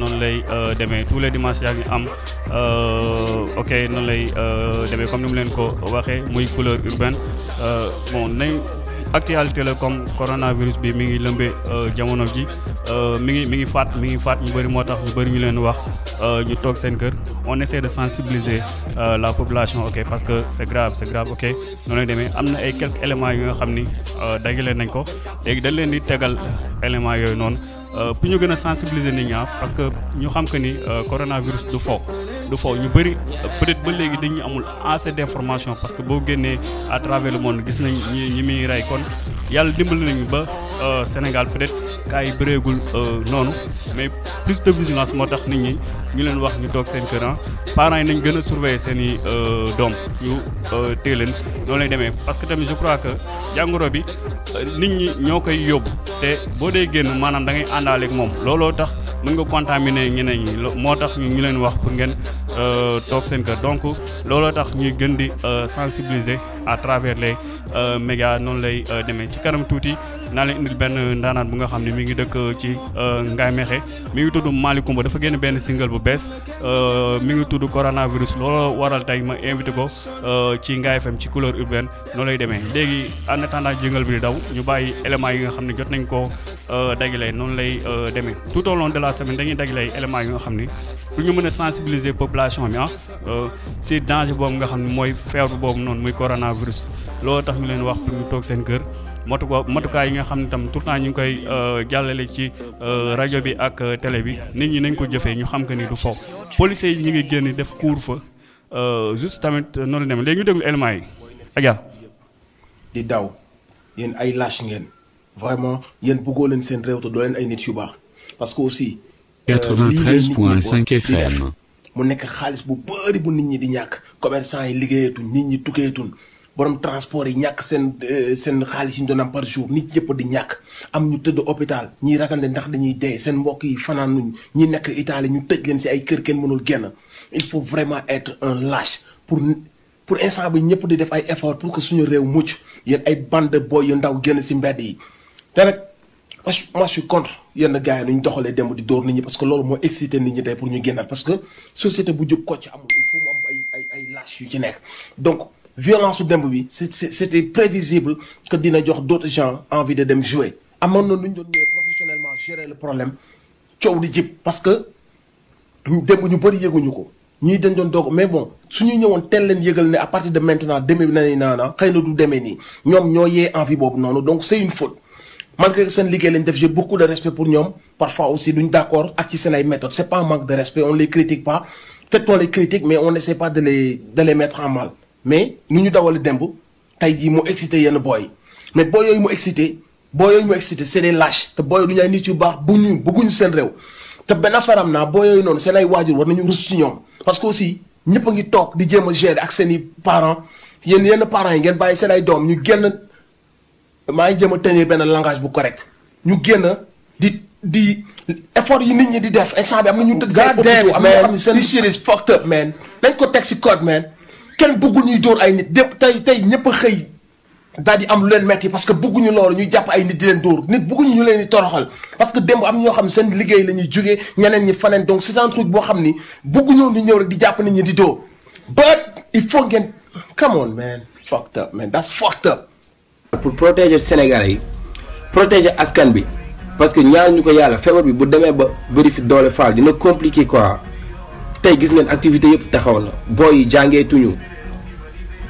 noonu lay euh, demee tous les dimanches yaa ngi am euh, ok noonu lay euh, demee comme ni mu leen ko waxee muy couleur urbaine bon nañ actualité la comme coronavirus bi mi ngi lëmbee jamono ji mi ngi mi ngi faat mi ngi faat ñu bëri moo tax mu bëri ñu leen wax ñu toog seen kër on essaie de sensibiliser la population ok parce que c'est grave c'est grave ok noonu lay demee am na ay quelques éléments yu nga xam ni leen nañ ko léegi dañ leen di tegal éléments yooyu noonu. pour euh, ñu gën a sensibiliser nit ñi ah, parce que ñu xam que ni euh, coronavirus du fo du fo ñu bëri peut-être ba léegi dañu amul assez d'information parce que boo génnee à travers le monde gis nañ ñi ñi muy rey kon yàlla dimbali nañu ba euh, Sénégal peut-être cas yi bëreegul noonu mais plus de vigilance moo tax nit ñi ñu leen wax ñu toog seen kër ah. parents yi nañ gën a surveiller seen i doom ñu téye leen noonu lay demee parce que tamit je crois que jàngoro bi nit ñi ñoo koy yóbbu àndaaleeg moom looloo tax mën nga contaminer ñeneen ñi moo tax ñu leen wax pour ngeen euh, toog seen kër donc looloo tax ñuy gën di euh, sensibiliser à travers les euh, médias noonu lay demee ci kanam tuuti. naa leen indil benn ndaanaan bu nga xam ne mi ngi dëkk ci euh, Ngaye Mekhe mi ngi tudd Malicoumba dafa génn benn single bu bees euh, mi ngi tudd coronavirus looloo waral tey ma invité ko euh, ci Ngaye FM ci couleur urbaine noo lay demee léegi en attendant bi di daw ñu bàyyi éléments yi xam ne jot nañ ko dajalee noonu lay demee tout au long de la semaine dañuy dajalee éléments yi nga xam ni pour ñu mën a sensibiliser population bi ah si danger boobu nga xam ne mooy feebar boobu noonu muy coronavirus loolu tax ñu leen wax pour ñu toog seen kër motu motukaay yi nga xam ne tam tout le temps ñu koy euh, jàllale ci euh, rajo bi ak euh, télé bi nit ñi nañ ko jëfee ñu xam que ni du foofu policiers yi ñu ngi génn def couvre-feu juste tamit noonu demee léegi ñu déglu éléments yi Adja. di daw yéen ay lâche ngeen vraiment yéen bëggoo leen seen réew te doo leen ay nit yu baax parce que aussi. 93.5 FM. mu nekk xaalis bu bëri bu nit ñi di ñàkk commerçant yi liggéeyatuñ nit ñi tukkeetuñ borom transport yi ñak sen euh, sen xaalis ñu doon par jour nit ñepp di ñak am ñu teud hôpital ñi ragal ne ndax dañuy dé sen mbokk yi fanaan nuñ ñi nekk italien ñu tëj leen ci ay kër kenn mënul genn il faut vraiment être un lâche pour pour instant bi ñepp di def ay effort pour que suñu rew mucc yeen ay bande boy yu ndaw genn ci mbéd yi te nag moi je suis contre yeen gars ñu doxale dem di dóor nit ñi parce que loolu mo exciter nit ñi tay pour ñu gennal parce que société bu juk ko ci amul il faut mu am ay ay ay lâche yu ci nekk donc violence au démb c'était prévisible que dina d'autres gens envie de jouer À mon nom, ñu devons professionnellement gérer le problème di parce que démb ñu bëri yëguñu ko Ni dañ doon d'og. mais bon suñu ñëwoon teel leen yëgal à partir de maintenant demee na ni naana nous nous. du demee nous ñoom envie Bob non. donc c'est une faute malgré que c'est liggéey lañ j'ai beaucoup de respect pour nous. parfois aussi duñ d'accord ak ci seen ay méthodes c'est pas un manque de respect on les critique pas peut-être qu'on les critique mais on n'essaie pas de les de les mettre en mal mais nu ñu dawali demb tey jii mu excité yenn booy mais booy yooyu mu excité booy yooyu mu excité c'est des lâches te booy du ñu ay nit yu baax bu ñu bëgguñu seen réew te benn faram naa booy yooyu noonu seen ay waajur war nañu rus ci ñoom parce que aussi ñëpp ngi toog di jéem a gérer ak seen i parent yéen yenn parents yi ngeen bàyyi seen ay doom ñu génn maa ngi jéem a tenir benn langage bu correct ñu génn di di effort yi nit ñi di def instant bi am na ñu tëdd seen hôpitaux am seen is fucked up man nañ ko teg si code man kenn bëggul ñuy dóor ay nit dépp tey tey ñëpp xëy daal di am lu leen metti parce que bëgguñu loolu ñuy jàpp ay nit di leen dóor nit bëgguñu ñu leen di toroxal parce que démb am ñoo xam seen liggéey la ñuy jógee ñeneen ñi faneen donc c'est un truc boo xam ni bëgguñoo di ñëw rek di jàpp nit ñi di dóor but il faut ngeen come on man fucked up man pour protéger sénégal yi protéger askan bi parce que ñaan ñu ko yàlla feebar bi bu demee ba bëri fi doole faal dina compliqué quoi tey gis ngeen activité yëpp taxaw na booy yi jàngeetuñu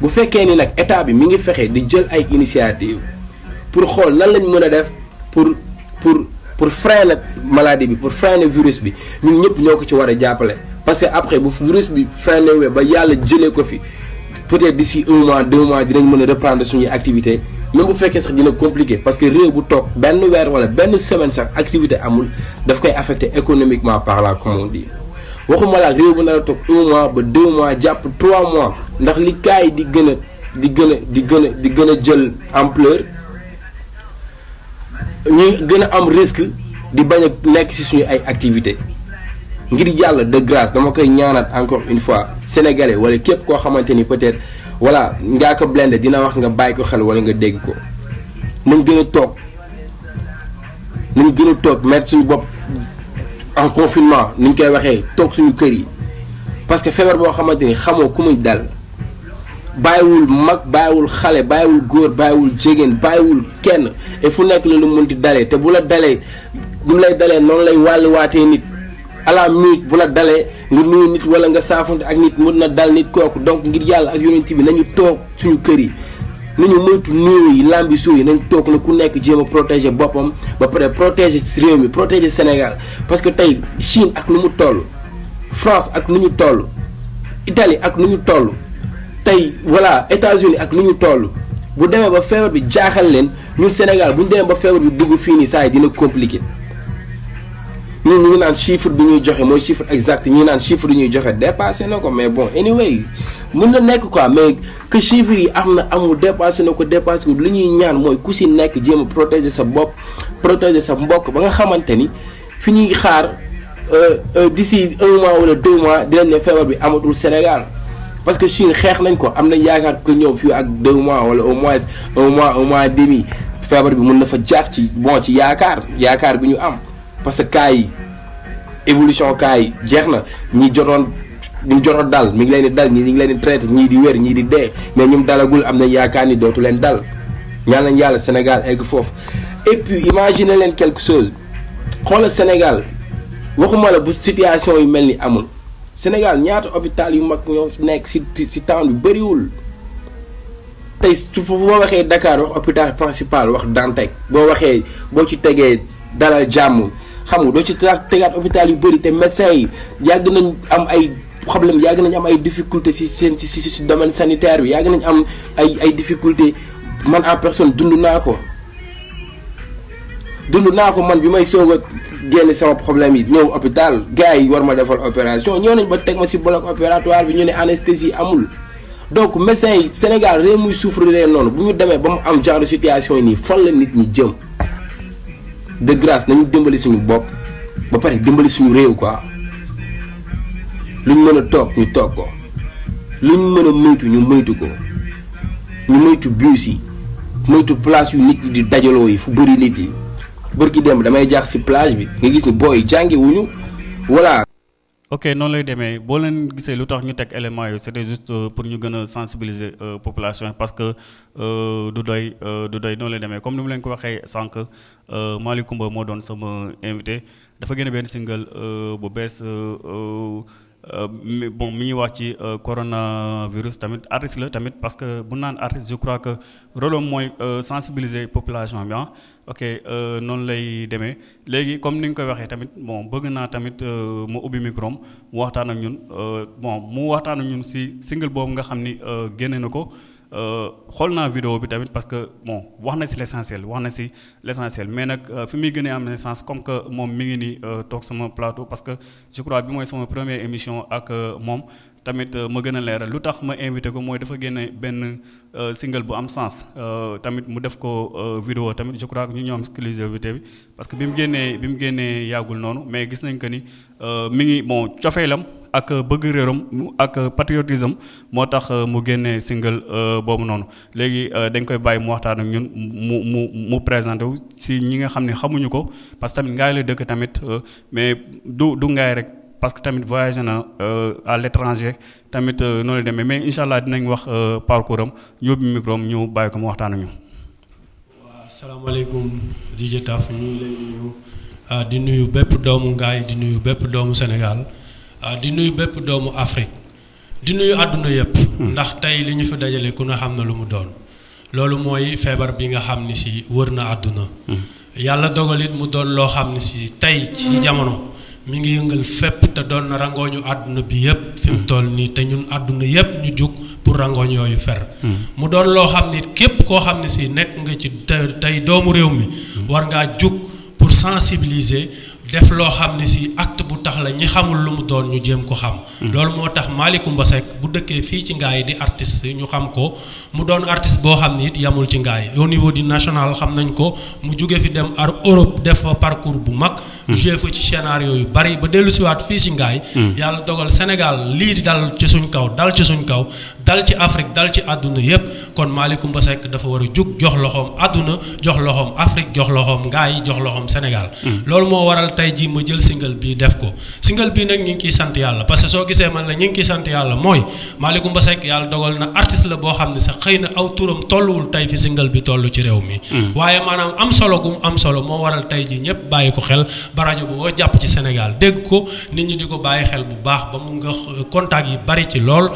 bu faites ni nag état bi mi ngi fexe di jël ay initiative pour xol nan lañ mëna def pour pour pour freiner maladie bi pour freiner virus bi ñun ñëpp ñoko ci wara jappalé parce que après bu virus bi freiner wé ba yalla jëlé ko fi peut-être d'ici un mois deux mois dinañ mën reprendre suñu activité même bu féké sax dina compliqué parce que réew bu tok ben wér wala ben semaine sax activité amul daf koy affecter économiquement parlant comme on dit waxuma la ak réew bu nar toog un mois ba deux mois jàpp trois mois ndax li cas di gën a di gën a di gën a di gën a jël ampleur ñuy gën a am risque di bañ a nekk ci suñu ay activité ngir yàlla de grâce dama koy ñaanaat encore une fois sénégalais wala képp koo xamante ni peut-être voilà ngaa ko blende dina wax nga bàyyi ko xel wala nga dégg ko nañ gën a toog nañ gën a toog mettre suñu bopp en confinement ni ñu koy waxee toog suñu kër yi parce que feebar boo xamante ni xamoo ku muy dal bàyyiwul mag bàyyiwul xale bàyyiwul góor bàyyiwul jigéen bàyyiwul kenn et fu nekk la lu mun di dalee te bu la dalee bu lay dalee noonu lay wàlluwaatee nit à la bu la dalee nga nuyu nit wala nga saafante ak nit mun na dal nit kooku donc ngir yàlla ak yonent bi nañu toog suñu kër yi nañu moytu néew yi lambi suuf yi nañ toog na ku nekk jéem a protéger boppam ba pare protéger réew mi protéger Sénégal parce que tey Chine ak nu mu toll France ak nu ñu toll Italie ak nu ñu toll tey voilà États-Unis ak nu ñu toll bu demee ba feebar bi jaaxal leen ñun Sénégal bu ñu demee ba feebar bi dugg fii nii saa yi dina compliqué ñun ñu ngi naan chiffre bi ñuy joxe mooy chiffre exact ñu ngi chiffre bi ñuy joxe dépassé na mais bon anyway mën na quoi mais que chiffres yi am amul dépassé na ko dépassé ñaan mooy protéger sa bopp protéger sa mbokk ba nga xamante ni euh, euh, d'ici un mois wala deux mois Je ne feebar bi amatul Sénégal parce que Chine xeex nañ ko am suis que ak deux mois wala au moins un mois un mois demi février bi mën na fa jaar ci bon ci yaakaar yaakaar parce que cas évolution cas yi di joro dal mi ngi leen di dal ñii ñu ngi leen di traité ñii di wér ñii di dee mais ñum dalagul am na yaakaar ni dootu leen dal ñaan lañ yàlla Sénégal egg foofu et puis imaginez leen quelque chose xoolal Sénégal waxuma la bu situation yu mel ni amul Sénégal ñaata hôpital yu mag ñoo nekk si si temps bi bëriwul tey foofu boo waxee Dakar wax hôpital principal wax Dantec boo waxee boo ci tegee dalal jàmm xam doo ci tegaat hôpital yu bëri te médecins yi yàgg nañ am ay problème y am ay difficulté si domaine sanitaire bi a am ay ay difficulté man en personne dund man bi may sama problème yi hôpital gars war ma defal opération nañ ba ma anesthésie donc médecin Sénégal réew muy souffre noonu bu ñu ba am genre situation yi nii la nit ñi jëm de grâce nous nous suñu ba nous quoi luñ mën toog ñu toog ko luñ moytu ko ñu moytu yi moytu place yu di dajaloo yi fu bëri nit yi bërki dem damay jaax si plage bi nga gis booy jànge wuñu voilà. noonu lay demee boo leen gisee lu tax ñu teg éléments yooyu c'était juste euh, pour ñu gën a euh, population parce que euh, du doy du doy noonu lay demee comme ni mu leen ko waxee sànq Malick Coumba moo doon sama invité dafa gën a benn single bu bees. bon mi ñuy wax ci euh, coronavirus tamit artiste la tamit parce que bu naan artiste je crois que rôle mooy euh, sensibiliser population bi ah. ok euh, noonu lay demee léegi comme ni nga koy waxee tamit bon bëgg naa tamit mu ubbi micro mu waxtaan ak ñun bon mu waxtaan ak ñun si single boobu nga xam ni génne na ko Euh, xool naa vidéo bi tamit parce que bon wax na si l' essentiel wax na si l' essentiel mais nag euh, fi muy gënee am naissance comme que moom mi ngi ni euh, toog sama plateau parce que je crois bi mooy sama première émission ak moom tamit ma gën a leeral lu tax ma invité ko mooy dafa génne benn single bu am sens tamit mu def ko vidéo tamit je crois que ñu ñoom exclusivité bi parce que bi mu génnee bi mu génnee yàggul noonu mais gis nañ que ni mi ngi bon cofeelam ak bëgg réeram ak patriotisme moo tax euh, mu génnee single euh, boobu noonu léegi euh, dañ koy bàyyi mu waxtaan ak ñun mu mu mu présenté wu si ñi nga xam ni xamuñu ko parce que tamit ngaay la dëkk tamit mais du du ngaay rek parce que tamit voyagé na à l' tamit noonu la demee mais incha allah dinañ wax parcours am yóbbu micro am ñu bàyyi ko mu waxtaan ak ñun. waaw salaamaaleykum DJ Taf ñu ngi ah, di nuyu bépp doomu ngaay di nuyu bépp doomu Sénégal. waaw ah, di nuyu bépp doomu Afrique di nuyu àdduna yëpp. Hmm. ndax tey li ñu fi dajale ku ne xam na lu mu doon. loolu mooy feebar bi nga xam ni si wër na àdduna. Hmm. yàlla dogal it mu doon loo xam ne si tey ci hmm. jamono mu ngi yëngal fépp te doon na rangooñu àdduna bi yëpp. fi mu toll nii te ñun àdduna yëpp ñu jug pour rangooñ yooyu fer. mu doon loo xam ni képp koo xam ne si nekk nga ci tey doomu réew mi. war ngaa jug pour sensibiliser. def loo xam ne si acte bu tax la ñi xamul lu mu doon ñu jéem ko xam. Hmm. loolu moo tax Malicoumba Seck bu dëkkee fii ci Ngaye di artiste ñu xam ko mu doon artiste boo xam ne yamul ci ngaay au niveau du national xam nañ ko mu jóge fi dem ar Europe def fa parcours bu mag. Hmm. joué fa ci scénario yu bari ba dellusiwaat fii ci Ngaye. Hmm. yàlla dogal Sénégal lii di dal ci suñ kaw dal ci suñ kaw dal ci Afrique dal ci àdduna yépp kon Malicoumba Seck dafa war a jug jox loxoom àdduna jox loxoom Afrique jox loxoom ngaay yi jox loxoom Sénégal hmm. loolu moo waral tey jii ma jël singal bii def ko singal bii nag ñu ngi ciy sant yàlla parce que soo gisee man la ñu ngi ciy sant yàlla mooy Malicoumba Seck yàlla dogal na artiste la boo xam ne sax xëy na aw turam tolluwul tey fi single bi toll ci réew mi hmm. waaye maanaam am solo gum am solo moo waral tey jii ñëpp bàyyi ko xel ba rajo bu jàpp ci Sénégal dégg ko nit ñi di ko bàyyi xel bu baax ba mu nga contact yi bari ci lool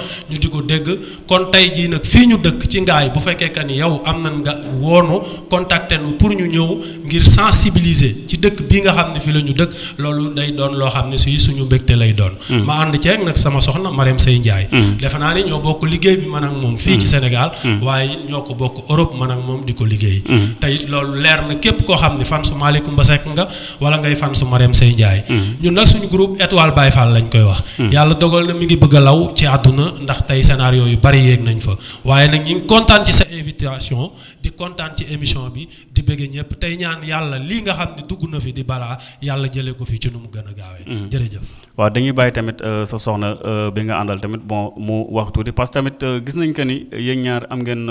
kon tey jii nag fii ñu dëkk ci ngaay bu fekkee que ni yow am na nga woonu contacté nu pour ñu ñëw ngir sensibiliser ci dëkk bi nga xam ne fi la ñu dëkk loolu day doon loo xam ne si suñu mbégte lay doon. Mm. ma ànd ceeg nag sama soxna Marème Seye Ndiaye. Mm. defe naa ni ñoo bokk liggéey bi moom. fii ci mm. Sénégal. waaye ñoo ko bokk Europe man ak moom di ko liggéey. tey loolu leer na képp koo xam ne fan su ba Seck nga wala ngay fan su Marème Seye Ndiaye. ñun nag suñu groupe étoile Baye Fall lañ koy wax. yàlla dogal na mi ngi bëgg a law ci àdduna ndax tey scénario yu bari yéeg nañ fa waaye nag ñu ngi kontaan ci sa invitation di kontaan ci émission bi di bëgg ñëpp tey ñaan yàlla lii nga xam ne dugg na fi di balaa yàlla jëlee ko fi ci nu mu gën a gaawee. Mm. jërëjëf. waaw dañuy bàyyi tamit euh, sa soxna euh, bi nga àndal tamit bon mu wax tuuti parce que tamit euh, gis nañ que ni yéen ñaar am ngeen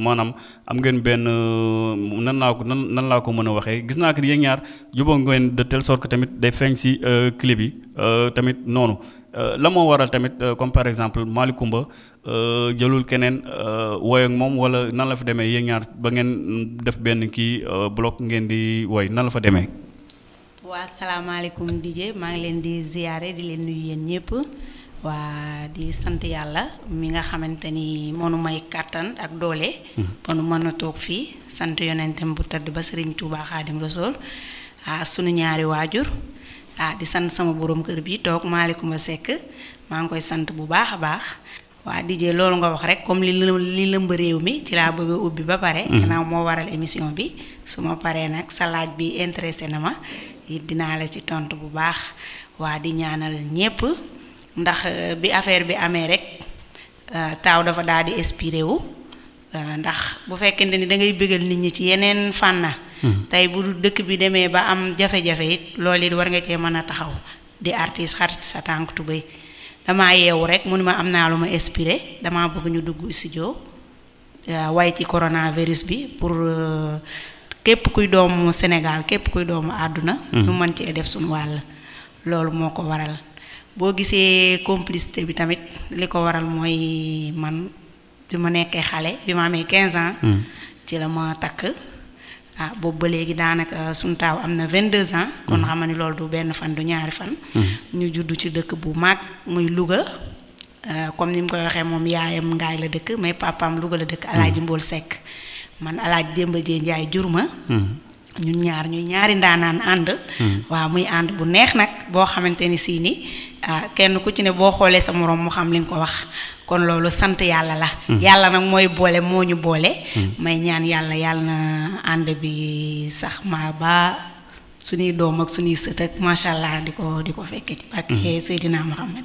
maanaam am ngeen benn nan laa ko nan nan laa ko mën a waxee gis naa que ni yéen ñaar jubóo ngeen de telle sorte que tamit day feeñ si clip yi tamit noonu la moo waral tamit comme par exemple Malicoumba jëlul keneen woy ak moom wala nan la fa demee yéen ñaar ba ngeen def benn kii bloc ngeen di woy nan la fa demee. waa assalamualaikum DJ ma ngi len di ziaré di wa nuyu yeen ñepp wa di sant yalla mi nga xamanteni monu may katan ak doole mhm. ba mëna tok fi toog sant yonentem bu tedd ba wajur touba khadim rasoul a ah, sunu ñaari wajur a ah, di sant sama borom kër bi tok malikum ba sek ma ngoy sant bu baaxa baax wa DJ loolu nga wax rek comme li li mi ci la bëgg ubbi ba pare. Mhm. gannaaw mo waral émission bi suma paré nak sa laaj bi intéressé na ma dina la ci tontu bu baax waa di ñaanal ñépp ndax euh, bi affaire bi amee rek euh, taw dafa di inspiré wu euh, ndax bu fekkente ni da ngay bëggal nit ñi ci yeneen fànna hmm. tey bu dëkk bi demee ba am jafe-jafe it loolu it war nga cee mën a taxaw di artiste xar sa tànk tubéy dama yeewu rek mu am naa lu ma dama bëgg ñu dugg studio way ci coronavirus bi pour képp kuy doomu Sénégal képp kuy doomu àdduna. ñu mhm. mën ci def suñu wàll. loolu moo ko waral boo gisee complicité bi tamit li ko waral mooy man bi ma nekkee xale bi ma 15 ans. Mhm. ci la ma takk. ah boobu ba léegi daanaka suñu taaw am 22 ans. kon de mhm. nga ni loolu du benn fan du ñaari fan. ñu judd ci dëkk bu mag muy Louga. Euh, comme ni mu koy waxee moom yaayam ngaay la dëkk mais papaam Louga la dëkk. Mbol Seck. man alaaj dembe je ndjay jur ma hmm. ñun ñaar ñuy ñaari ndaanaan ànd hmm. wa muy ànd bu neex nag boo xamante ni sii ni ah, kenn ku ci ne boo xoolee sa morom mu xam li ko wax kon loolu sant yàlla la hmm. yàlla nag mooy boole moo ñu boole may ñaan yàlla yàlla na ànd bi sax ma ba suñuy doom ak suñuy sët ak macha allah di ko di ko fekke ci barke seydina mohammed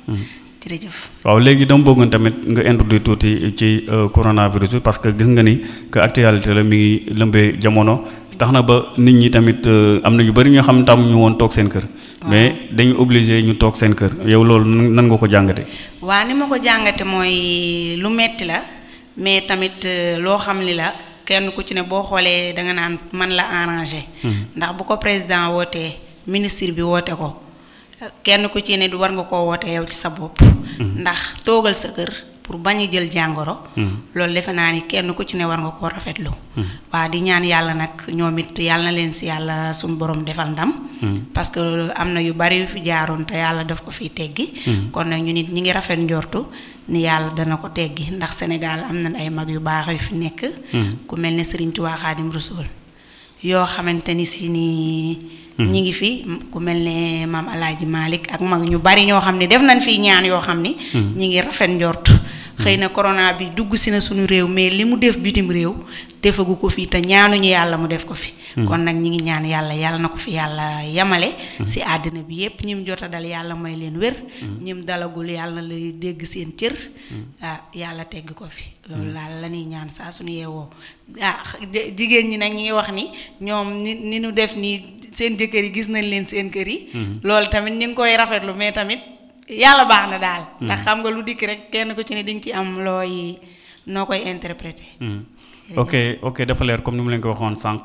jërëjëf waaw léegi dama bëggoon tamit nga introduire tuuti ci euh, coronavirus bi parce que gis nga ni que actualité la mi ngi lëmbee jamono tax na ba nit ñi tamit euh, am na ñu bëri ñoo xam ne tam ñu woon toog seen kër. mais dañu obligé ñu toog seen kër yow loolu nan nga ko jàngate waa ni ma ko jàngate mooy lu metti la mais tamit euh, loo xam ni la kenn ku ci ne boo xoolee da nga naan man la arrangé. ndax bu ko président wootee ministre bi woote ko. kenn ku ci ne du war nga koo woote yow ci sa bopp mm-hmm. ndax toogal sa kër pour bañ jël jàngoro mm-hmm. loolu defe naa ni kenn ku ci ne war nga koo rafetlu mm-hmm. waa di ñaan yàlla nag ñoom it yàlla na leen si yàlla suñ borom defal ndam parce que am na yu bari yu fi jaaroon te yàlla daf ko fiy teggi kon nag ñu nit ñi ngi rafet njortu ni yàlla dana ko teggi ndax sénégal am na ay mag yu baax yu fi nekk ku mel ne sëriñ yoo xamante ni ñi ngi fi ku mel ne maam Alaaji Malick ak mag ñu bari ñoo xam ne def nañ fi ñaan yoo xam ni hmm. ñi ngi rafet njort xëy na corona bi dugg si na suñu réew mais li mu def bitim réew defagu ko fii te ñaanuñu yàlla mu def ko fi. Hmm. kon nag ñi ngi ñaan yàlla yàlla na ko fi yàlla yemale. Hmm. si àddina bi yépp ñim jot dal yàlla may leen wér. Hmm. ñim dalagul yàlla lay dégg seen cër. ah yàlla tegg ko fi. loolu daal la ñuy ñaan saa suñu yewoo ah jigéen ñi nag ñi ngi wax ni ñoom ni ni ñu def nii seen jëkkër yi gis nañ leen seen kër yi. loolu tamit ñi ngi koy rafetlu mais tamit. yàlla baax na daal. Mm. ndax xam nga lu dikk rek kenn ko ci ne di nga ci am looy noo koy interpréter. Mm. ok ok dafa comme nous mu leen ko waxoon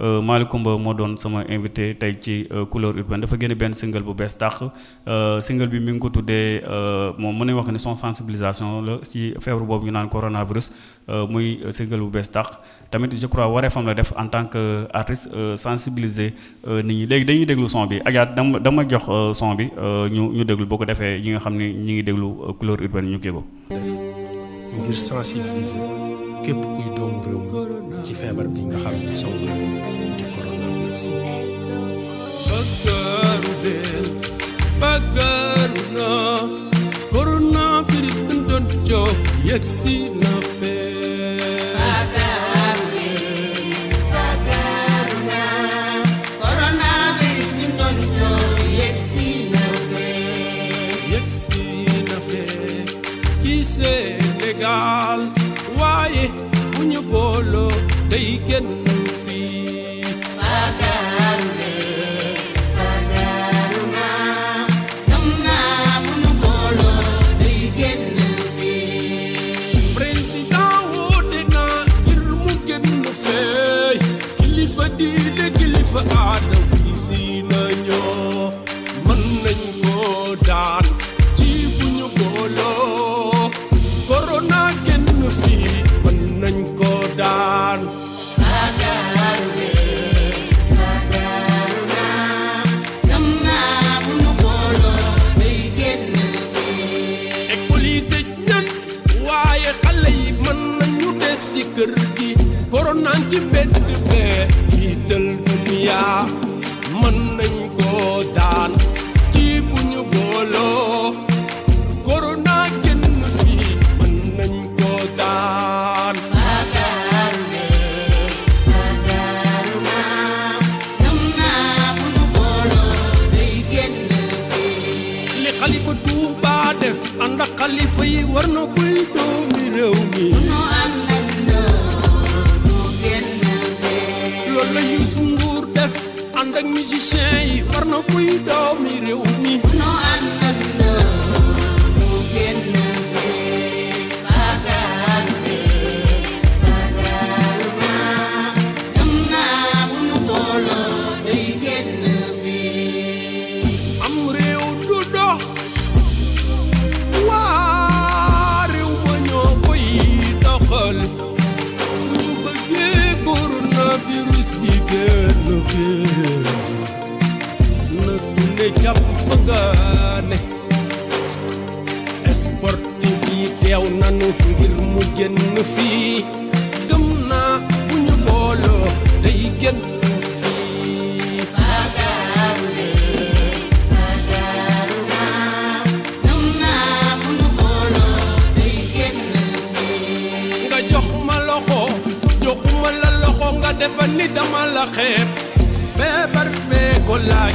euh, invité tey ci euh, couleur urbaine dafa single bu bees tax euh, single bi mi ngi ko tuddee moom wax ni sensibilisation la ci feebar boobu ñu coronavirus muy single bu tax tamit je crois wareefam la def en tant que artiste sensibiliser nit dañuy déglu son bi dama jox son bi ñu ñu déglu ko couleur urbaine sensibiliser. képp kuy doomu réew mi ci feebar bi nga xam ne sawul di coronavirus fagaru leen fagaru na coronavirus bi doon jox yegg si na legal. Senegal vô lô ci benn bee jiital duniyaa mën nañ koo daan ci bu ñu booloo korona génn fii mën nañ koo daan li xalifa Tuubaa def ànd ak xalifa war na kuy doomi réew mi no kuy mi reunión. jàpp fa nga ne sportif yi teew nanu mu génn fii gëm naa bu ñu booloo day génn joxuma la loxo nga defal ni dama la xeeb feebar bee ko laaj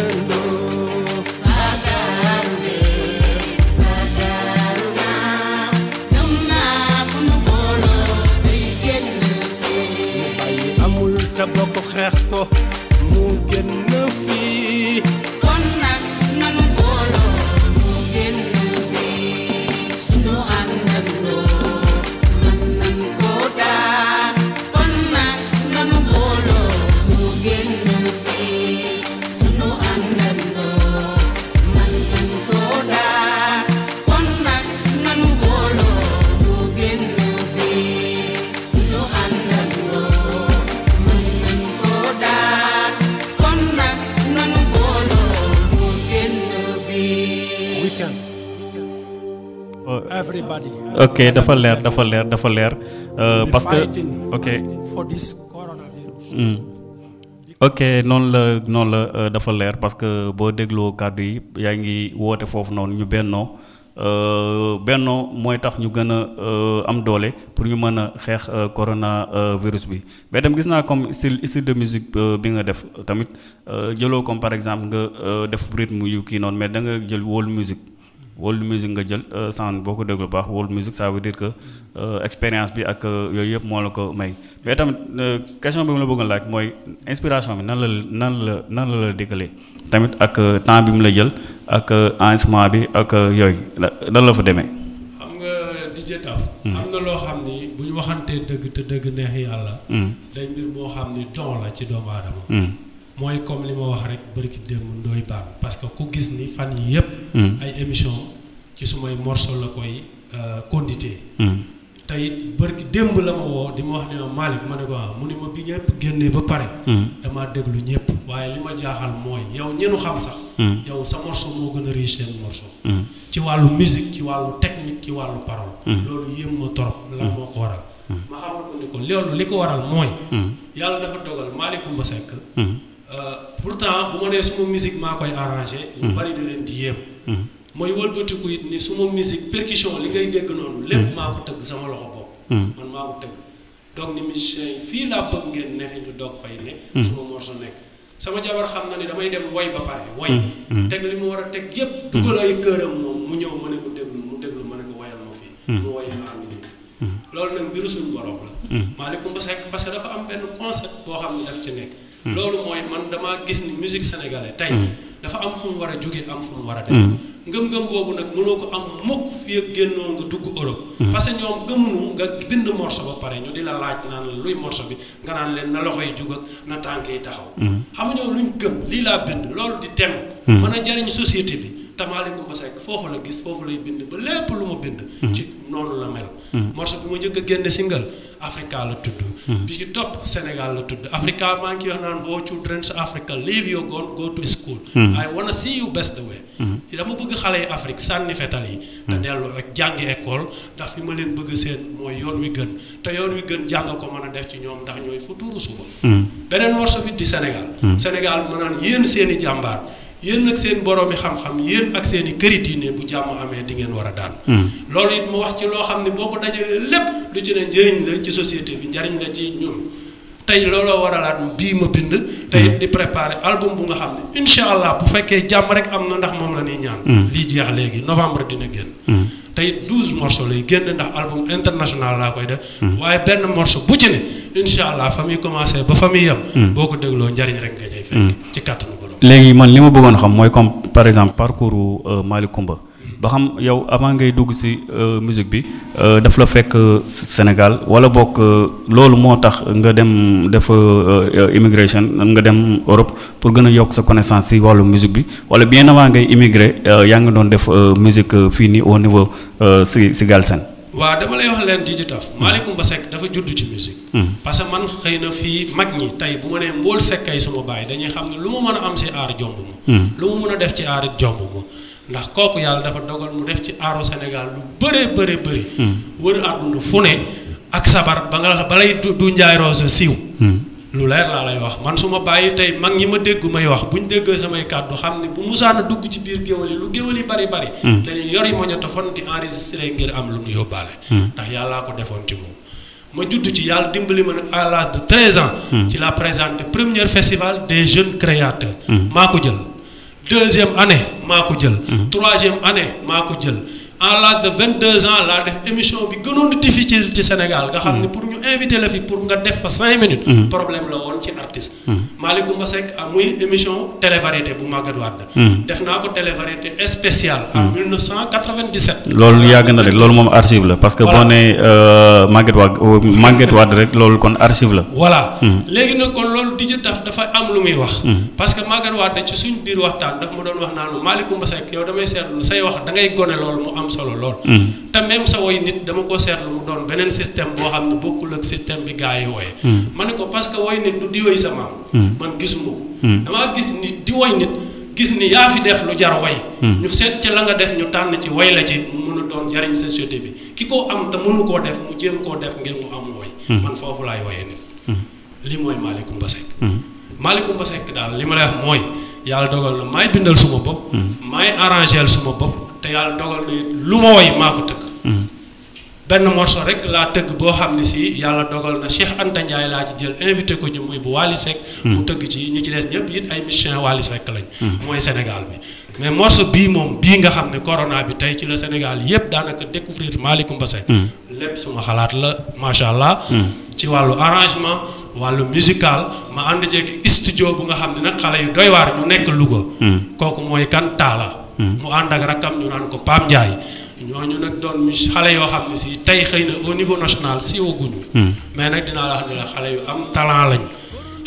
te bokk xeex ko mu gën fi ok dafa leer dafa leer dafa leer euh, parce que ok. Hmm. ok noonu la noonu la euh, dafa leer parce que boo dégloo kàddu yi yaa ngi woote foofu noonu ñu bennoo euh, bennoo mooy tax ñu gën a am doole pour ñu mën a xeex corona virus bi mais tam gis naa comme style style de musique bi nga def tamit jëloo comme par exemple nga def rythme yu kii noonu mais da nga jël wóolu musique. world music nga jël euh, sound boo ko déglu baax world music saa veut dire que euh, expérience bi ak euh, yooyu yëpp moo la ko may mais tamit question bi mu la bëggoon laaj mooy inspiration bi nan la nan la nan la la dikkalee tamit ak temps bi mu la jël ak enregistrement bi ak yooyu nan la fa demee. xam nga DJ hmm. am na loo xam ni bu waxantee dëgg te dëgg neex yàlla. Hmm. day mbir moo xam ni ton la ci doomu aadama. Hmm. mooy comme li ma wax rek bërki démb ndooy baan parce que ku gis ni fan yi yëpp hmm. ay émission ci sumay morceau la koy euh, condité hmm. te it bërki démb la ma woo di ma wax ne ma Malick ma ne ko ma ba pare hmm. damaa déglu ñëpp waaye li ma yow xam sax yow sa morceau moo ci wàllu musique ci wàllu technique ci wàllu parole loolu yéem ma ko ko ni ko loolu li ko waral mooy yàlla dafa dogal Malick Coumba Seck Euh, pourtant bu ma nee suma musique maa koy arrangé. ñu mhm. bari da leen di yéem. Mhm. mooy wëlbatiku it ni suma musique percussion li ngay dégg noonu. lépp mhm. maa ko tëgg sama loxo bopp. man maa ko tëgg donc fii laa bëgg ne fi ñu doog fay sama jabar xam na ni damay dem woy ba pare. woy teg li mu war a teg yépp dugal ay këram moom mu ñëw ma ne ko déglu ma ne ko woyal ma fii. mu ma am loolu nag mbiru suñu borom la. maa ne ko parce que dafa am benn concept boo xam ne daf ci nekk. Hmm. loolu mooy man damaa gis ni musique sénégalais tey hmm. dafa am fu mu war a jóge am fu mu war a dem hmm. ngëm-ngëm boobu nag mënoo ko am mukk fii ak génnoo nga dugg Europe parce que ñoom gëmuñu nga bind morceau ba pare ñu di la laaj naan luy morceau bi nga naan leen na loxo yi jug ak na tànk yi taxaw xam nga ñoom luñ gëm lii laa bind loolu di tem mën a jariñ société bi tamaali ko ko sekk foofu la gis foofu lay bind ba lépp lu mu bind. Mhm. ci noonu la mel. Mhm. morceau bi ma njëkk a génne single Africa la tudd. Mhm. bi ci topp Sénégal la tudd Africa maa ngi ciy wax naan woo oh, children's Africa best way. dama bëgg xale yi Afrique sànni fetal yi. te delloo ak jàngi école ndax fi ma leen bëgg seen mooy yoon wi gën te yoon wi gën jàng ko mën a def ci ñoom ndax ñooy futuru suba. beneen morceau bi di Sénégal. ma naan yéen seeni jàmbaar. yéen ak seen boroomi xam-xam yéen ak seen i këri diine bu jàmm amee di ngeen war a daan. Hmm. loolu it mu wax ci loo xam ne boo ko dajalee lépp lu ci ne njëriñ la ci société bi njariñ la ci ñun tey looloo waralaat bii ma bind. tey hmm. di préparer album bu nga xam ne incha allah bu fekkee jàmm rek am na ndax moom la ñuy ñaan. Hmm. lii jeex léegi novembre dina génn. tey douze morceaux lay génn ndax album international laa koy def. waaye benn morceau bu ci ne incha allah fa muy commencé ba fa boo ko dégloo njëriñ rek nga ci kàttanu. léegi man li ma bëggoon xam mooy comme par exemple parcours euh, Malick Coumba ba xam yow avant ngay dugg ci euh, musique bi euh, daf la fekk Sénégal walla bokk loolu moo tax nga dem def immigration nga dem Europe pour gën a yokk sa connaissance si wàllu musique bi walla bien avant ngay immigré yaa nga doon def musique fii nii au niveau si ci Galsen waaw dama lay wax leen Djidji Taf Malick Coumba Seck dafa judd ci musique hmm. parce que man xëy na fii mag ñi tey bu ma nee Mbool Seck ay suma bàyyi dañuy xam ne lu mu mën a am si aar jomb ma hmm. lu mu mën a def ci aar it jomb ma ndax kooku yàlla dafa dogal mu def ci aaru Sénégal lu bëree bëree bëri hmm. wër àdduna fu ne ak sabar ba nga ba du njaay roose siiw lu leer laa lay wax man su ma bàyyi tey mag ñi ma dégg may wax bu ñu déggee samay kàddu xam ne bu musaana dugg ci biir géwél yi lu géwél yi bari bari. Hmm. dañuy yori magnétophone di enregistré ngir am lu mu yóbbaale. Hmm. ndax yàllaa ko defoon ci moom. ma judd ci yàlla dimbali ma nag à l'âge de 13 ans. Hmm. ci la présenté première festival des jeunes créateurs. maa ko jël deuxième année maa ko jël. troisième année maa ko jël. à l'âge de 22 ans laa def émission bi gënoon difficile ci Sénégal nga xam ne pour ñu invité la fi pour nga def fa 5 minutes. Mm-hmm. problème la woon ci artiste. Mm-hmm. Malicoumba Seck a muy émission télévarieté bu Magatte Wade. Mm-hmm. def naa ko télévarieté spéciale. loolu yàgg na rek loolu moom archive la parce que boo nee euh, Magatte Wade euh, Magatte Wade rek loolu kon archive la. voilà léegi nag kon loolu DJ Taf dafa am lu muy wax. parce que Magatte Wade ci suñ biir waxtaan daf ma doon wax naan Malicoumba Seck solo lool. Mm. te même sa woy nit dama ko seetlu mu doon beneen système boo xam ne bokkul ak système bi gars yi wooyee. Mm. ma ne ko parce que woy nit du di sa maam. Mm. man gisuma ko. damaa gis nit di woy nit gis ni yaa fi def lu jar woy. ñu seet ca la nga def ñu tànn ci woy la ci mu mun a doon jariñ société bi ki ko am te mënu koo def mu jéem koo def ngir mu am woy. man foofu laay woyee nit. li mooy Malick Coumba Seck. Malick Coumba Seck daal li ma lay wax mooy yàlla dogal na maay bindal suma bopp. maay arrangeel te yàlla dogal na lu ma woy maa ko tëgg mm-hmm. benn morceau rek laa tëgg boo xam ne si yàlla dogal na Cheikh Anta Ndiaye laa ci jël invité ko ñu muy bu Wally Seck mm-hmm. mu tëgg ci ñi ci des ñëpp it ay musiciens Wally lañ mm-hmm. mooy Sénégal bi mais morceau bii moom bii nga xam ne corona bi tey ci la Sénégal yëpp daanaka découvrir Malick Mbassé lépp suma xalaat la macha allah ci wàllu arrangement wàllu musical ma ànd jeeg studio bu nga xam ne nag xale yu doy waar kooku mooy kan Talla mu ànd ak rakkam ñu naan ko Pape Ndiaye ñooñu nag doon mu xale yoo xam ne si tey xëy na au niveau national si waguñu hmm. mais nag dinaa la xale yu am talent lañ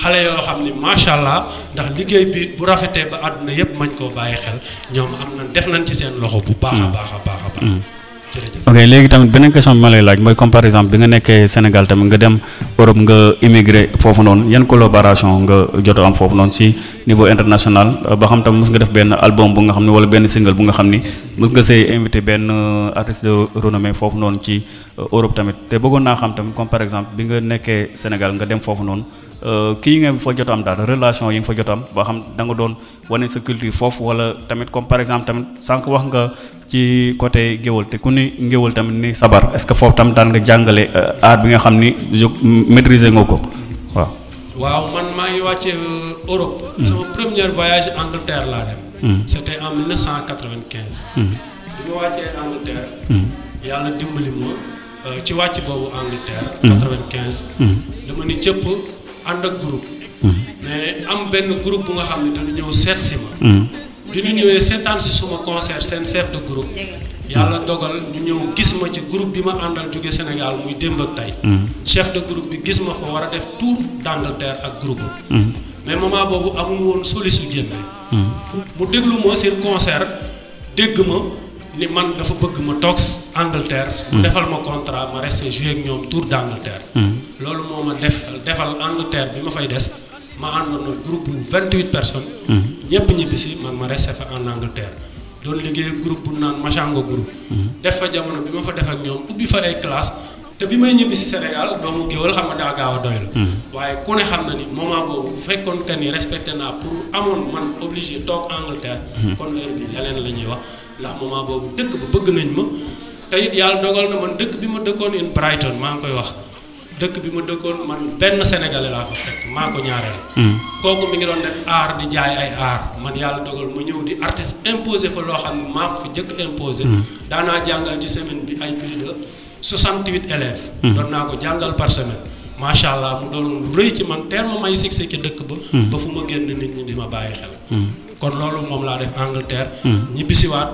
xale yoo xam ni macha allah ndax liggéey bi bu rafetee ba àdduna yépp mañ koo bàyyi xel ñoom am na def nañ ci seen loxo bu baax a hmm. baax a baax hmm. ok léegi tamit beneen question bi ma lay laaj mooy comme par exemple bi nga nekkee Sénégal tamit nga dem Europe nga immigré foofu noonu yan collaboration nga jot am foofu noonu si niveau international euh, ba xam tamit mus nga def benn album bu nga xam ne wala benn single bu nga xam ni mus nga see invité benn euh, artiste de renommée foofu noonu ci euh, Europe tamit te bëggoon naa xam tam comme par exemple bi nga nekkee Sénégal nga dem foofu noonu. Euh, kii nga fa jot am daal relation yi nga fa jot am boo xam da nga doon wane sa culture foofu wala tamit comme par exemple tamit sànq wax nga ci côté géwal te ku ni tamit ni sabar est que foofu tamit daal nga jàngale euh, art bi nga xam ni je nga ko waaw. man maa ngi euh, Europe. Hmm. sama premier voyage Angleterre laa dem. Hmm. c'était en 1995. Hmm. bi ma wàccee Angleterre. yàlla dimbali ma ci wàcc boobu Angleterre. 95. dama ni cëpp. ànd ak groupe. Mm-hmm. mais am benn groupe bu nga xam ne dañu ñëw seet si ma. Mm-hmm. bi ñu ñëwee seetaan si suma concert seen chef de groupe. yàlla dogal ñu ñëw gis ma ci groupe bi ma àndal jóge Sénégal muy démb ak tey. Mm-hmm. chef de groupe bi gis ma fa war a def tour d'Angleterre ak groupe mais moment boobu amul woon soli su génne. mu déglu ma seen concert dégg ma. ni man dafa bëgg ma toog Angleterre. mu mm. defal ma contrat ma resté joué ak ñoom tour d' mm. loolu moo ma def defal Angleterre bi ma fay des ma àndoon na groupe bu 28 personnes. Mm. ñëpp ñibbisi man ma resté fa en Angleterre doon liggéey group groupe bu naan Machango groupe. def fa jamono bi ma fa def ak ñoom ubbi fa ay classe te bi may ñibbisi Sénégal doomu géwal xam nga daa gaaw a doy waaye ku ne xam na ni moom boobu bu fekkoon que ni respecté naa pour amoon man obligé toog Angleterre. kon leneen la ñuy wax. ndax moment boobu dëkk ba bëgg nañ ma te yàlla dogal na man dëkk bi ma dëkkoon in Brighton maa ngi koy wax dëkk bi ma dëkkoon man benn sénégalais laa ko fekk maa ko ñaareel. Hmm. kooku mi ngi doon def aar di jaay ay aar man yàlla dogal ma ñëw di artiste imposé fa loo xam ne maa ko fa jëkk imposé. Hmm. daanaa jàngal ci semaine bi ay plus de 68 élèves. Hmm. doon naa ko jàngal par semaine. macha allah mu doon lu rëy ci man teel ma may succès ci dëkk ba. ba fu ma génn nit di ma bàyyi kon loolu moom laa def Angleterre. Hmm. ñibbisiwaat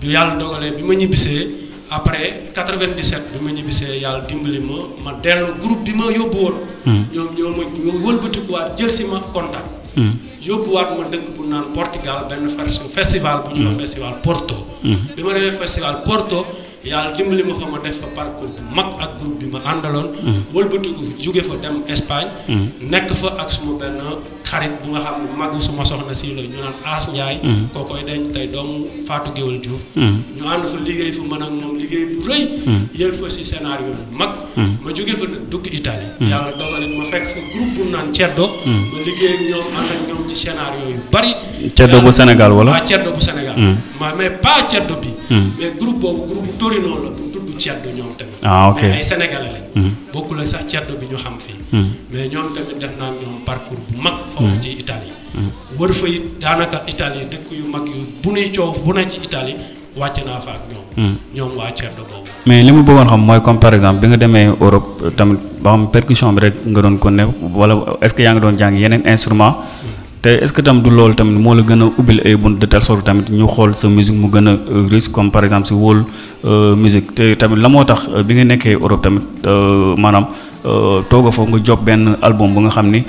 bi yàlla dogalee bi ma ñibbisee après 97 bi ma ñibbisee yàlla dimbali ma ma dellu groupe bi ma yóbbu woon. Hmm. ñoom ñoo ma ñoo wëlbatikuwaat jël si ma contact. Hmm. yóbbuwaat ma dëkk bu naan Portugal benn festival bu ñuy wax festival Porto. bi ma demee festival Porto. yàlla dimbali ma fa ma def fa parcours bu mag ak groupe bi ma àndaloon. Mm-hmm. wëlbatiku jóge fa dem Espagne. Mm-hmm. nekk fa ak suma benn xarit bu magu suma soxna si la ñu naan As Ndiaye. Mm-hmm. koo koy denc tey doomu Fatou Géwal Diouf. ñu ànd fa liggéey fa man ak moom liggéey bu rëy. yéen fa si scénario yu mag. ma jóge fa dugg Italie. yàlla dogal ma fekk fa groupe bu naan Ceddo. ma liggéey ak ñoom ànd ak ñoom ci scénario yu bari. Ceddo bu Sénégal wala. waaw ah, Ceddo bu Sénégal. Hmm. mais groupe boobu groupe torino la bu tudd ceddo ñoom tamit. Ah, mais ay sénégalais lañ. Hmm. bokkul la sax ceddo bi ñu xam fii. Hmm. mais ñoom tamit def naa ñoom parcours bu mag. foofu ci Italie. wër fa it daanaka Italie dëkk yu mag yu bu nuy coow bu ne ci itali wàcc naa fa ak ñoom. ñoom waa ceddo boobu. mais li mu bëggoon xam mooy comme par exemple bi nga demee Europe tamit ba xam percussion bi rek nga doon ko ne wala est-ce que yaa ngi doon jàng yeneen instrument. te est-ce que tam du loolu tamit moo la gën a ubbil ay bunt de telle sorte tamit ñu xool sa musique mu gën a euh, risque comme par exemple si wóol euh, musique te tamit la moo tax euh, bi nga nekkee Europe tamit maanaam tooga foofu nga job benn album bu nga xam ni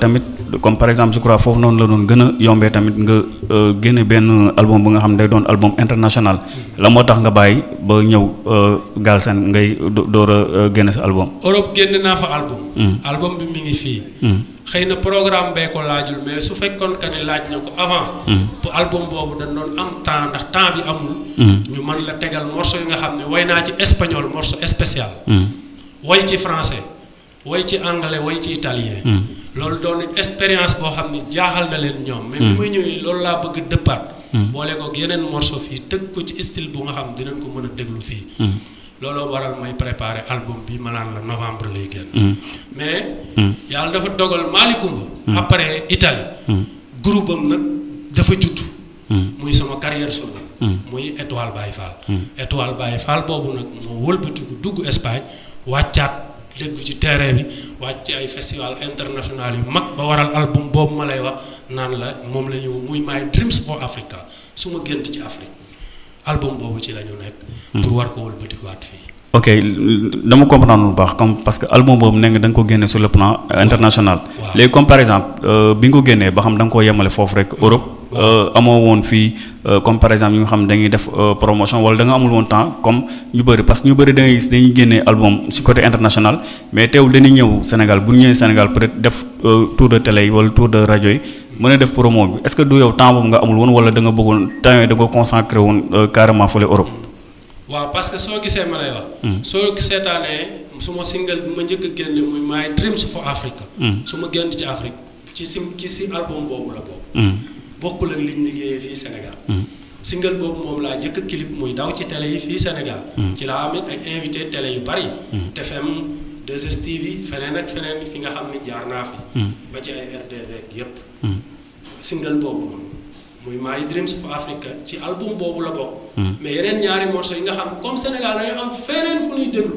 tamit comme par exemple je crois fofu non la non gëna yombé tamit nga euh, gëné ben album bu nga xam day doon album international la motax nga bay ba ñew euh, gal sen ngay doora euh, gëné sa album Europe gëné na fa album hmm. album bi mi ngi fi hmm. xeyna programme be ko lajul mais su fekkon ka ni laj ñako avant pour hmm. album bobu dañ doon am temps ndax temps bi amul ñu man la tégal morceau yi nga xamné wayna ci espagnol morceau spécial way ci français way ci anglais way ci italien. Hmm. loolu doon expérience boo xam ne jaaxal na leen ñoom. mais bi hmm. muy ñëwee loolu laa bëgg dëppaat. Hmm. boole ko yeneen morceau fii tëgg ko ci style bu nga xam dinañ ko mën a déglu fii. looloo waral may préparé album bi ma la novembre lay génn. mais. yàlla dafa dogal Malicoumba. après Italie. groupe am nag dafa judd. muy sama carrière solo. muy étoile Baye Fall. étoile Baye Fall boobu nag moo wëlbatiku dugg Espagne wàccaat. léegi ci terrain bi wàcc ay festival international yu mag ba waral album boobu ma lay wax naan la moom la ñu muy my dreams for Africa su ma gént ci Afrique album boobu ci la nekk. Hmm. pour war ko wëlbatikuwaat fii. ok dama comprendre bu baax comme parce que album boobu nee nga da ko génne sur le plan international. léegi comme par exemple euh, bi nga ko génnee ba xam da nga koo yemale foofu rek Europe. Euh, amoo woon fii euh, comme par exemple ñu nga xam dañuy def euh, promotion wala da nga amul woon temps comme ñu bëri parce que ñu bëri da ngay gis dañuy génnee album si côté international mais teewul dañuy ñëw Sénégal bu ñu ñëwee Sénégal peut-être def tour de télé yi wala tour de rajo yi mën a def promo bi est que du yow temps boobu nga amul woon wala da nga bëggoon temps yooyu da nga consacré woon carrément Europe. waaw parce que soo gisee ma lay wax. Hmm. soo seetaanee ma njëkk a génne muy My hmm. su ma génn ci Afrique si bokk ak liñ liggéeyee fii Sénégal. Mm-hmm. single boobu moom laa njëkk a clip muy daw ci télé yi fii Sénégal. Mm-hmm. ci laa amit ay invité tele yu bari. TFM mm-hmm. 2STV feneen ak feneen fi nga xam ne jaar naa fi. ba ci ay RTV yépp single boobu moom muy My Dreams of Africa ci album boobu la bokk. mais yeneen ñaari morceaux yi nga xam comme Sénégal dañoo am feneen fu ñuy déglu.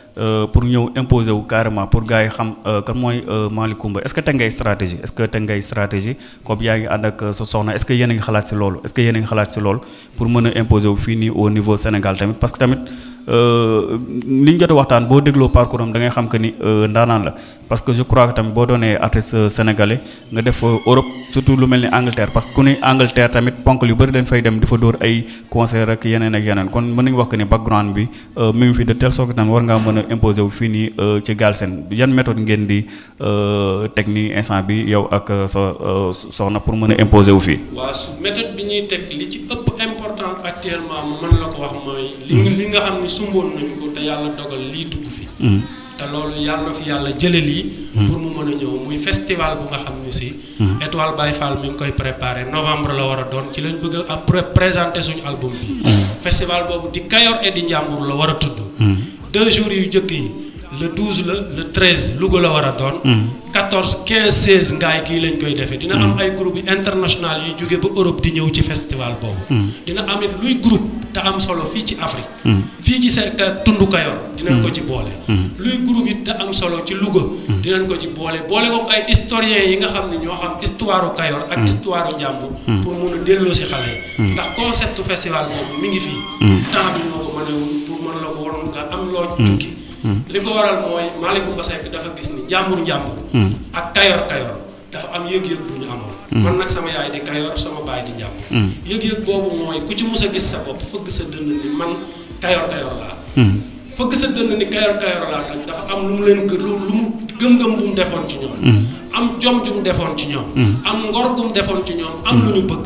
Euh, pour ñëw imposer wu carrément pour gars yi xam euh, kan mooy euh, Malick Coumba est-ce que teg ngay stratégie est-ce que teg ngay stratégie comme yaa ngi ànd ak sa soxna est-ce que a ngi xalaat si loolu est-ce que yéen a ngi xalaat a imposer wu fii ni ndaanaan la parce que que tamit boo doonee artiste sénégalais nga def Europe surtout lu fa dóor ay concert ak yeneen ak yeneen kon mën nañu wax que ni background bi mi ngi fi de telle sorte tamit war ngaa mën a imposé wu fii nii euh, ci Galsen yan méthode ngeen di euh, teg ni instant bi yow ak euh, sa soxna pour mën a imposé wu fii. waaw bi ñuy teg li ci ëpp important actuellement mu mën la ko wax mooy. li nga mm-hmm. xam ne sumboon nañu ko te yàlla dogal lii dugg fi. Mm-hmm. te loolu yàlla fi yàlla jëlee lii. Mm-hmm. pour mu mën a ñëw muy festival bu nga xam ni si. étoile Baye Fall ngi koy préparé novembre la war a doon ci lañ bëgg a présenté suñu album bi. festival boobu di Kayor et di deux jours yu njëkk yi le 12 la le 13 Louga la war a doon. 14 15 16 ngaay gii lañ koy defee. dina mm. am ay groupe international yu jóge ba Europe di ñëw ci festival boobu. Mm. dina am it luy groupe te am solo fii ci Afrique. Mm. fii ci sa tund Kayor. dinañ ko ci boole. luy groupe it te am solo ci Louga. dinañ ko ci boole boole ko ay historiens yi nga xam ne ñoo xam histoire Kayor. ak histoire Njàmbur. pour mun delloo si xale ndax concept festival boobu mi ngi fii. ko ndox mm. mm. li ko waral mooy Malick ba Seck dafa gis ni njàmbur njàmbur mm. ak kayor kayor dafa am yëg-yëg bu ñu amoon man nag sama yaay di kayor sama baay di njàmbur yëg-yëg boobu mooy ku ci mus a gis sa bopp fëgg sa dënn ni man kayor kayor laa fëgg sa dënn ni kayor kayor laa nag dafa am lu mu leen gë lu mu gëm-gëm bu mu defoon ci ñoom am jom ju defoon ci ñoom am ngor gu defoon ci ñoom am lu ñu bëgg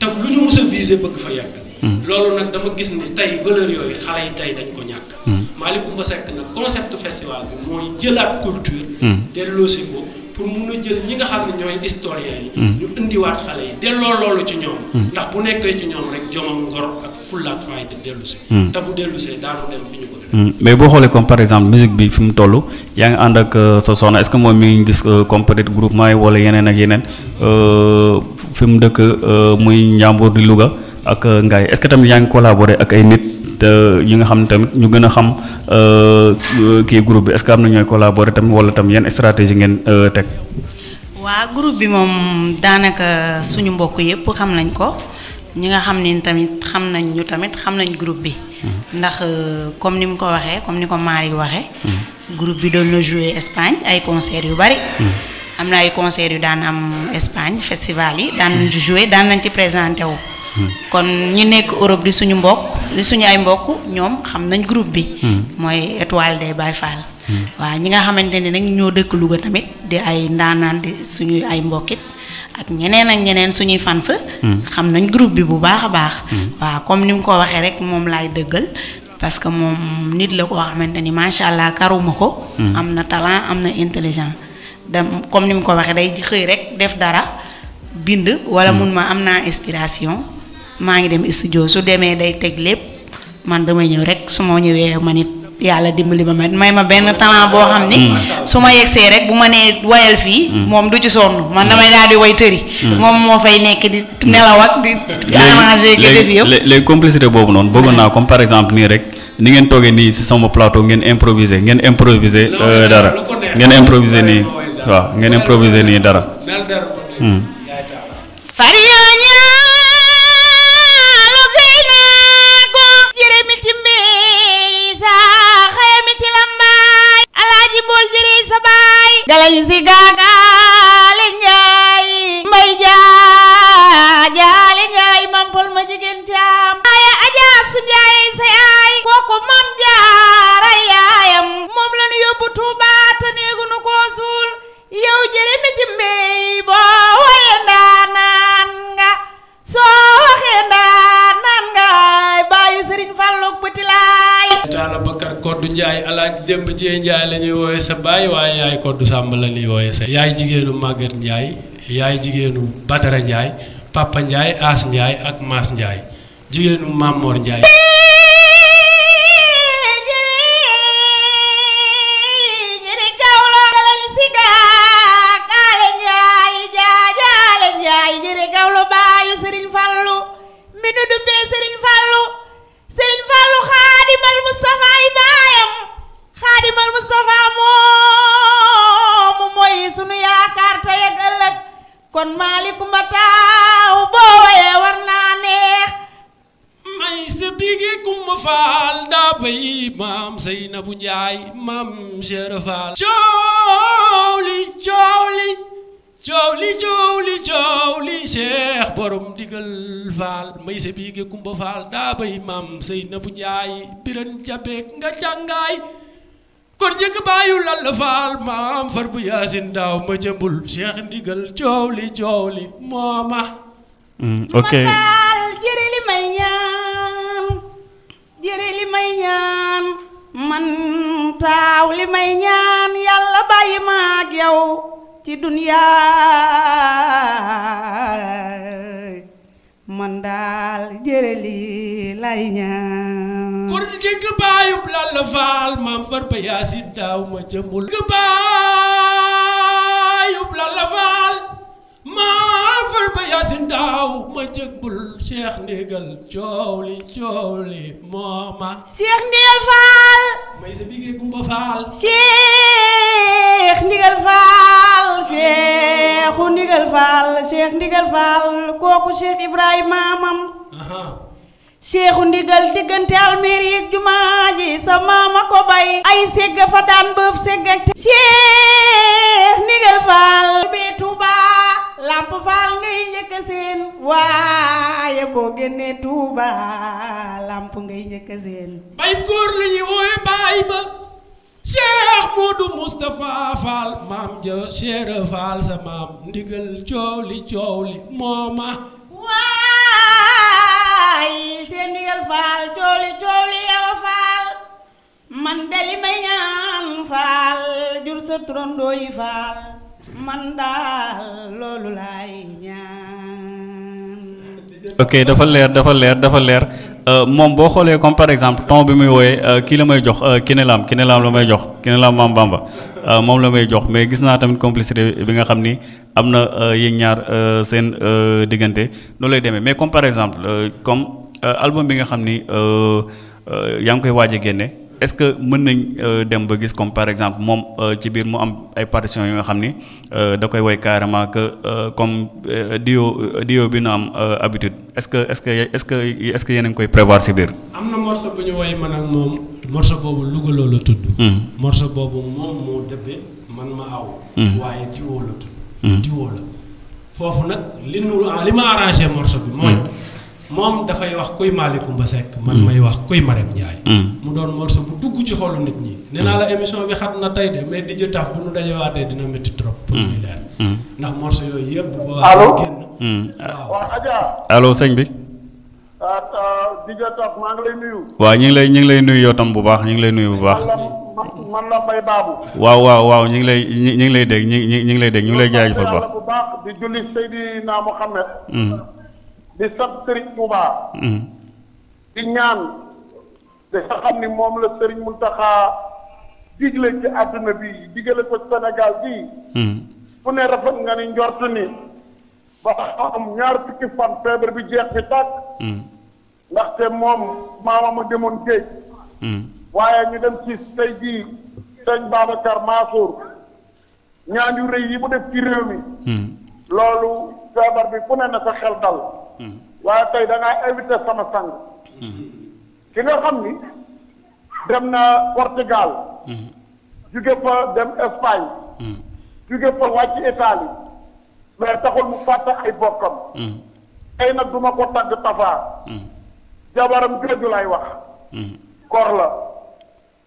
te lu ñu mus a visé bëgg fa yàgg loolu nag dama gis ni tey valeur yooyu xale yi tey dañ ko ñàkk. Hmm. Malick Coumba Seck nag concept festival bi mooy jëlaat culture. Hmm. delloosi ko pour mun a jël ñi nga xam ne ñooy historiens yi. Hmm. ñu indiwaat xale yi delloo loolu ci ñoom. ndax bu nekkee ci ñoom rek jomam ngor ak fulla ak fayda te bu dellusee daanu dem fi ñu ko. mais boo xoolee comme par exemple musique bi fi mu toll yaa ngi ànd ak euh, sa soxna est que moom mi ngi gis euh, comme peut-être groupement yi wala yeneen ak yeneen euh, fi mu dëkk muy Njàmbur di Louga. ak euh, ngaay est-ce que tamit yaa ngi collaboré ak ay nit yi nga xam ne tamit ñu gën a xam euh, euh, kii groupe bi est-ce que am na ñooy collaboré tamit wala tam yan stratégie ngeen teg. waa bi moom daanaka suñu mbokk yépp xam nañ ko ñi nga xam ne tamit xam nañ ñu tamit xam nañ groupe bi. Mm-hmm. ndax comme ni mu ko waxee comme ni ko Malick waxee. Mm-hmm. groupe bi doon na jouer Espagne ay concert yu bari. Mm-hmm. am na ay concert yu daan am Espagne festival yi daan nañ ci jouer daan nañ ci présenté wu. kon ñu nekk Europe di suñu mbokk di suñu ay mbokk ñoom xam nañ groupe bi. Hmm. mooy étoile des Baye Fall. Hmm. waaw ñi nga xamante ne nag ñoo dëkk Louga tamit di ay ndaanaan di suñu ay mbokkit ak ñeneen ak ñeneen suñuy fans. Hmm. xam nañ groupe bi bu baax a baax. waaw comme ni ko waxee rek moom laay dëggal. parce que moom nit la koo xamante ni macha allah karuma ko. am na talant am na intelligent. dem comme ni mu ko waxee day xëy rek def dara bind. wala mun ma am naa inspiration. maa ngi dem studio su demee day teg lépp man damay ñëw rek su ma ñëwee man it yàlla dimbali ba ma may ma benn talent boo xam ni mm. su ma yegsee rek bu ma nee wayal fii mm. moom du ci sonn man damay mm. daal di way tëri moom moo fay nekk di nelaw ak di arrangé ke def yëpp léegi complicité boobu noonu bëgg naa comme par exemple nii rek ni ngeen toogee nii si sama plateau ngeen improviser ngeen improviser euh, dara ngeen improviser nii waaw ngeen improviser nii dara. Faria isi gaga Talla Bakar Koddu Ndiaye Alaaji Demba Dieye Ndiaye la ñuy sa baay waaye yaay Koddu Sàmb la ñuy wooyee sa yaay jigéenu màgget Ndiaye yaay jigéenu Badara Ndiaye Papa Ndiaye As Ndiaye ak Maas Ndiaye jigéenu Mamor Ndiaye Seynabu Njaay maam Cheikh Fall coow li coow li coow li coow li coow li Cheikh borom digal Fall may sa Kumba Fall daa bay maam Seynabu Njaay biran jabeek nga jàngaay kon njëkk bàyyu lal faal maam far bu yaasin daaw ma jëmbul cheikh ndigal coow li coow li mooma ma mm, daal jëre li may ñaan jëre li may ñaan man taaw li may ñaan yàlla bàyyi ma ak ci dunyaa man daal jërë lii lay ñaan kur di gëbaayub lal faal maam far ba yaasin daaw ma jëmbul gëbaayub lal faal maa far ba yaasin ma jëgbul Cheikh Ndigal coow li coow li mooma Cheikh Ndigal Fall may Ndigal Fall kooku Cheikh Ibrahima maam seexu ndigal diggante almeeri jumaa ji sa maama ko bay ay segg fa daan bëf segg ak seex ndigal faal làmp faal ngay njëkk seen waaye boo génnee tuuba làmp ngay njëkk seen bay góor la wooye baay ba cheikh Moodu Moustapha Fall maam ja Cheikh Fall sa maam ndigal coow li coow li mooma waay seen ndigal faal coow li coow li yow faal man de li may ñaan faal jur sa turandoo yi faal man daal loolu laay ñaan. ok dafa leer dafa leer dafa leer euh, moom boo xoolee comme par exemple ton bi muy wooyee euh, kii la may jox euh, Kiné Lam Kiné Lam la may jox Kiné Lam Maam Bamba moom la may jox mais gis naa tamit complicité bi nga xam ni am na yéen ñaar seen diggante noonu lay demee mais comme par exemple comme album bi nga xam ni yaa ngi koy waaj a génne. est-ce que mën nañ euh, dem ba gis comme par exemple moom euh, ci biir mu am ay partition yu nga xam ni euh, da koy woy carrément que comme dio dio bi na am habitude est-ce que est-ce que est-ce que est-ce que koy prévoir si biir. am na morceau bu ñu woy man ak moom morceau boobu Louga loo la tudd. Hmm. morceau boobu moom moo dëbbee man ma aw. Hmm. waaye diwoo la tudd. Hmm. diwoo la foofu nag li nuru li ma arrangé morceau bi mooy. mom da fay wax kuy malikum ba sek man may wax kuy marem mm. nyaay mu don morso bu dugg ci xolu nit ñi neena la mm. émission bi xatna tay de mais di jëtaf bu nu waté dina metti trop pour ñu mm. leer ndax morso yoy yeb bu ba allo allo señ bi ah, ah, di jëtaaf maa ngi lay nuyu waaw ñu ngi lay ñu ngi lay nuyu yow tam bu baax ñi ngi lay nuyu bu baax man la may babu waaw waaw waaw ñi ngi lay ñi ngi lay dégg ñi ngi lay dégg ñu ngi lay jaajëfal baax di julli sayyidina Muhammad di sab Serigne Touba. Mm-hmm. di ñaan di nga xam ni moom la Serigne Mountakha digle ci àdduna bi digale ko Sénégal bii. fu mm-hmm. ne rafet nga ni njort ni ba am ñaar fukki fan feebar bi jeex fi tàkk. Mm-hmm. ndaxte moom maamama demoon géej. waaye ñu dem ci tey jii sëñ Babacar Mansour ñaan yu rëy yi mu def ci réew mi. loolu feebar bi fu ne na sa xel dal. Mm-hmm. waaye tey da ngaa invité sama sang. Mm-hmm. ki nga xam ni dem na Portugal. Mm-hmm. jóge fa dem Espagne. jóge fa wàcc Italie. mais taxul mu fàtte ay bokkam. tey nag duma ko tagg Tafa. jabaram géeju lay wax. kor la.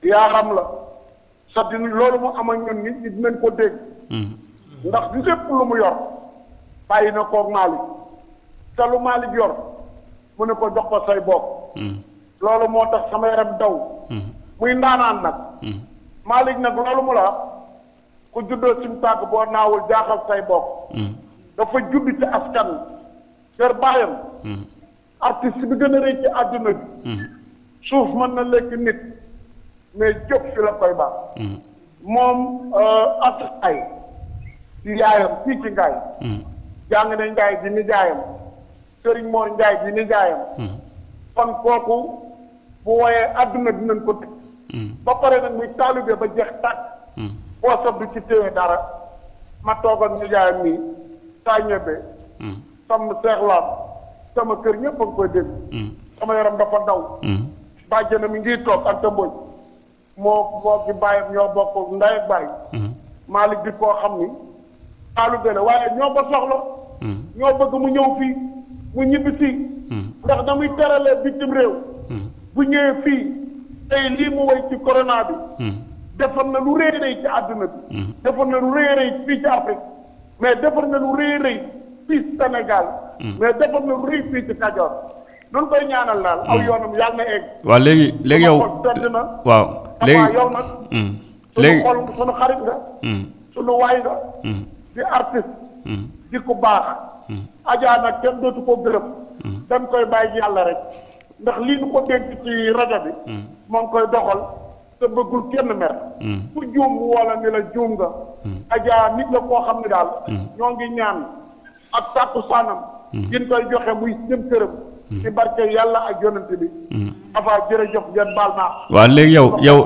yaa la. sa din loolu mu am a ñun nit ñi dinañ ko dégg. ndax lépp lu mu yor. bàyyi na koog te lu malik yor mu ne ko jox ko say bokk hmm. loolu moo tax sama yaram daw hmm. muy ndaanaan nag hmm. malik nag loolu mu la ku juddoo sim tàgg boo naawul jaaxal say bokk dafa judd ci askan kër bàyyam artiste bi gën a rëy ci àdduna bi suuf mën na lekk nit mais jóg fi la koy baax moom artiste euh, ay ci yaayam fii ci ngaay jàng na ngaay di ni jaayam Serigne moo njaay bi ni jaayam hmm. kon kooku bu wooyee àdduna dinañ ko tëj hmm. ba pare nag muy taalibe ba jeex tàkk boo hmm. sob du ci téye dara ma toog ak ñu jaayam nii saa ñebe sama seexlaam sama kër ñëpp a ngi koy dégg sama yaram dafa daw bàjjana mi ngi toog ak sa mboj moo moo ki bàyyam ñoo bokk ndey ak bàyyi Malick koo xam ni taalu gën a waaye ñoo ba soxla ñoo bëgg mu ñëw fii mu ñibbi si. ndax na muy teralee bitim réew. bu ñëwee fii tey lii mu way ci corona bi. defar na lu rëy rëy ci àdduna bi. defar na lu rëy rëy fii ci Afrique. mais defar na lu rëy rëy fii Sénégal. mais defar na lu rëy fii ci Kajoor. noonu koy ñaanal daal. aw yoonam yàlla na egg. waaw léegi léegi yow waaw léegi hmm. léegi sunu sunu xarit nga. Hmm. sunu waay nga. Hmm. di artiste. di baax. Adja nag kenn dootu ko gërëm. Mm. dañ koy bàyyi yàlla rek ndax lii nu ko dénk ci rajo bi. Mm. koy doxal te bëggul kenn mer. fu mm. juum wala ni la juum nga. Adja nit la koo xam ne daal. ñoo ngi ñaan ak sàkku saanam. gin koy joxe muy jëm këram. ci barke yàlla ak yonent bi. Afa jërëjëf ngeen baal naa. waaw léegi yow yow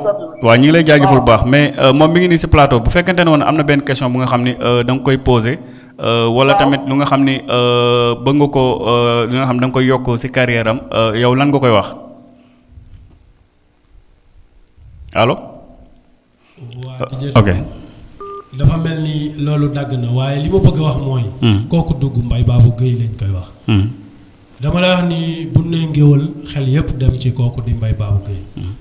waaw ñu ngi lay jaajëfal bu baax mais euh, moom mi ngi nii si plateau bu fekkente ne woon am na benn question bu nga xam ni euh, da nga koy posé. Euh, wala tamit lu nga xam ni euh, ba nga ko euh, li nga xam danga koy yokk ci carrière yow lan nga koy wax allo. ok. dafa mel ni loolu dagg na waaye li ma bëgg wax mooy. Hmm. kooku dugg mbay baabu géey lañ koy wax. Hmm. dama la wax ni bu ne ngéwal xel yépp dem ci kooku di mbay baabu géy hmm.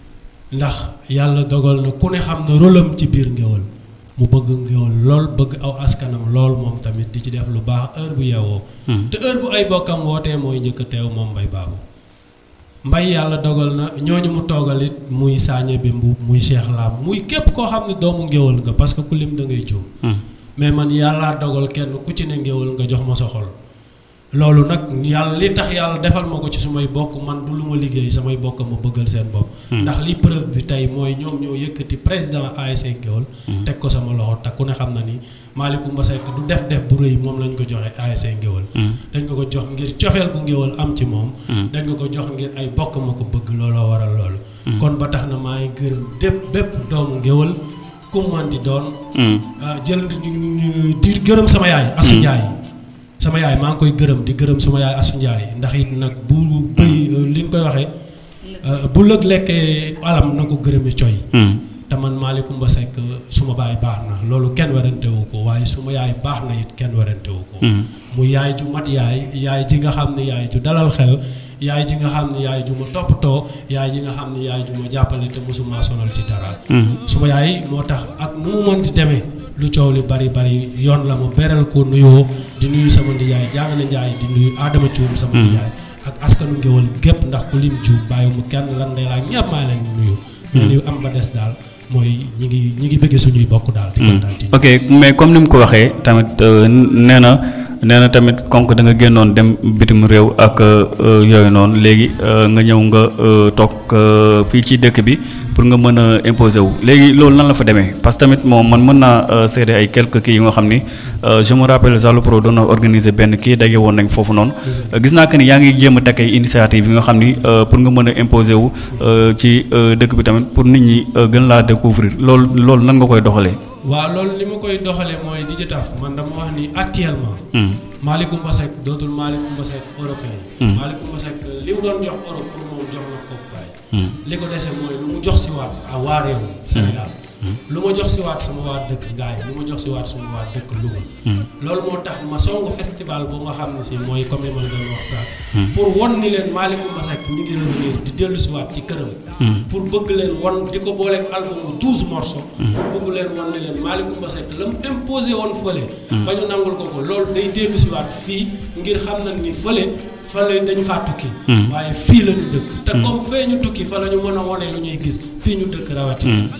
ndax yàlla dogal na ku ne xam na rôle ci biir ngéwal. mu bëgg yow lool bëgg aw askanam lool moom tamit di ci def lu baax heure bu yeewoo. Hmm. te heure bu ay bokkam wootee mooy njëkk a teew moom mbay baabu. mbay yàlla dogal na ñooñu mu toogal muy saañe bi mbuub muy Cheikh Lam muy képp koo xam ne doomu ngéwal nga parce que ku lim da ngay juum hmm. mais man yàllaa dogal kenn ku ci ne ngéwal nga jox ma sa xol. loolu nag yàlla li tax yàlla defal ma ko ci sumay bokk man du lu ma liggéey samay bokk ma bëggal seen bopp. Hmm. ndax li preuve bi tey mooy ñoom ñoo yëkkati président ASC Gueweul. Hmm. teg ko sama loxo te ku ne xam na ni Malicoumba Seck du def def bu rëy moom lañ ko joxe ASC Gueweul. Hmm. dañ ko jox ngir cofeel gu Gueweul am ci moom. dañ ko jox ngir ay bokk ma ko bëgg looloo waral loolu. kon ba tax na maa ngi gërëm dépp bépp doomu Gueweul. ku man di doon. Ah, jël di gërëm sama yaay. Assa Ndiaye. sama yaay maa ngi koy gërëm di gërëm sama yaay Assou Ndiaye ndax it nag bu bëy euh, li ñu koy waxee euh, bu lëg lekkee alam na ko gërëmi coy hmm. te man Malicoumba ba Seck euh, suma baay baax na loolu kenn werante wu ko waaye suma yaay baax na it kenn werante wu ko hmm. mu yaay ju mat yaay yaay ji nga xam ne yaay ju dalal xel yaay ji nga xam ne yaay ju ma toppatoo yaay ji nga xam ne yaay ju ma jàppale te mosuma sonal ci dara hmm. suma yaay moo tax ak nu mu mënti demee lu coow li bari bari yoon la ma beral ko nuyoo di nuyu sama nijaay jàng na njaay di nuyu aadama cuum sama hmm. nijaay ak askanu ngéwal gépp ndax ku lim juum bàyyi mu kenn lan day laa ñëpp maa leen nuyu mais hmm. li am ba des daal mooy ñi ngi ñi ngi bëgg suñuy bokk daal di kontaan hmm. ok mais comme ni mu ko waxee tamit euh, nee na nee na tamit konk da nga génnoon dem bitim réew ak euh, yooyu noonu léegi euh, nga ñëw nga euh, toog fii ci dëkk bi pour nga mën a imposer wu léegi loolu nan la fa demee parce que tamit moom man mën naa seede ay quelques kii yu nga xam ni je me rappelle Zalo Pro doon na organiser benn kii daje woon nañ foofu noonu gis naa que ni yaa ngi jéem a takk ay initiative yi nga xam ni pour nga mën a imposer wu ci dëkk bi tamit pour nit ñi gën laa découvrir loolu loolu nan nga koy doxalee. waaw loolu li ma koy doxalee mooy di jëtaaf man dama wax ni actuellement. Hmm. Malick Mbasek dootul Malick Mbasek européen yi. Hmm. Malick Mbasek li mu doon jox Europe pour moom jox na ko bàyyi. Hmm. li ko dese mooy lu mu jox si waat à waa réew lu ma jox si waat sama waa dëkk ngaay lu ma jox si waat sama waa dëkk Louga loolu moo tax ma song festival bu ma xam ne si mooy comme li ma doon wax sax pour won ni leen Malick Masek mi ngi revenir di dellu si waat ci këram pour bëgg leen won di ko booleeg album douze morceaux pour bëgg leen won ni leen Malick Masek la mu imposé woon fële ba ñu nangul ko ko loolu day dellu si waat fii ngir xam na ni fële la dañ faa tukki waaye fii la ñu dëkk te comme fee ñu tukki fa la ñu mën a wone lu gis fii ñu dëkk rawatina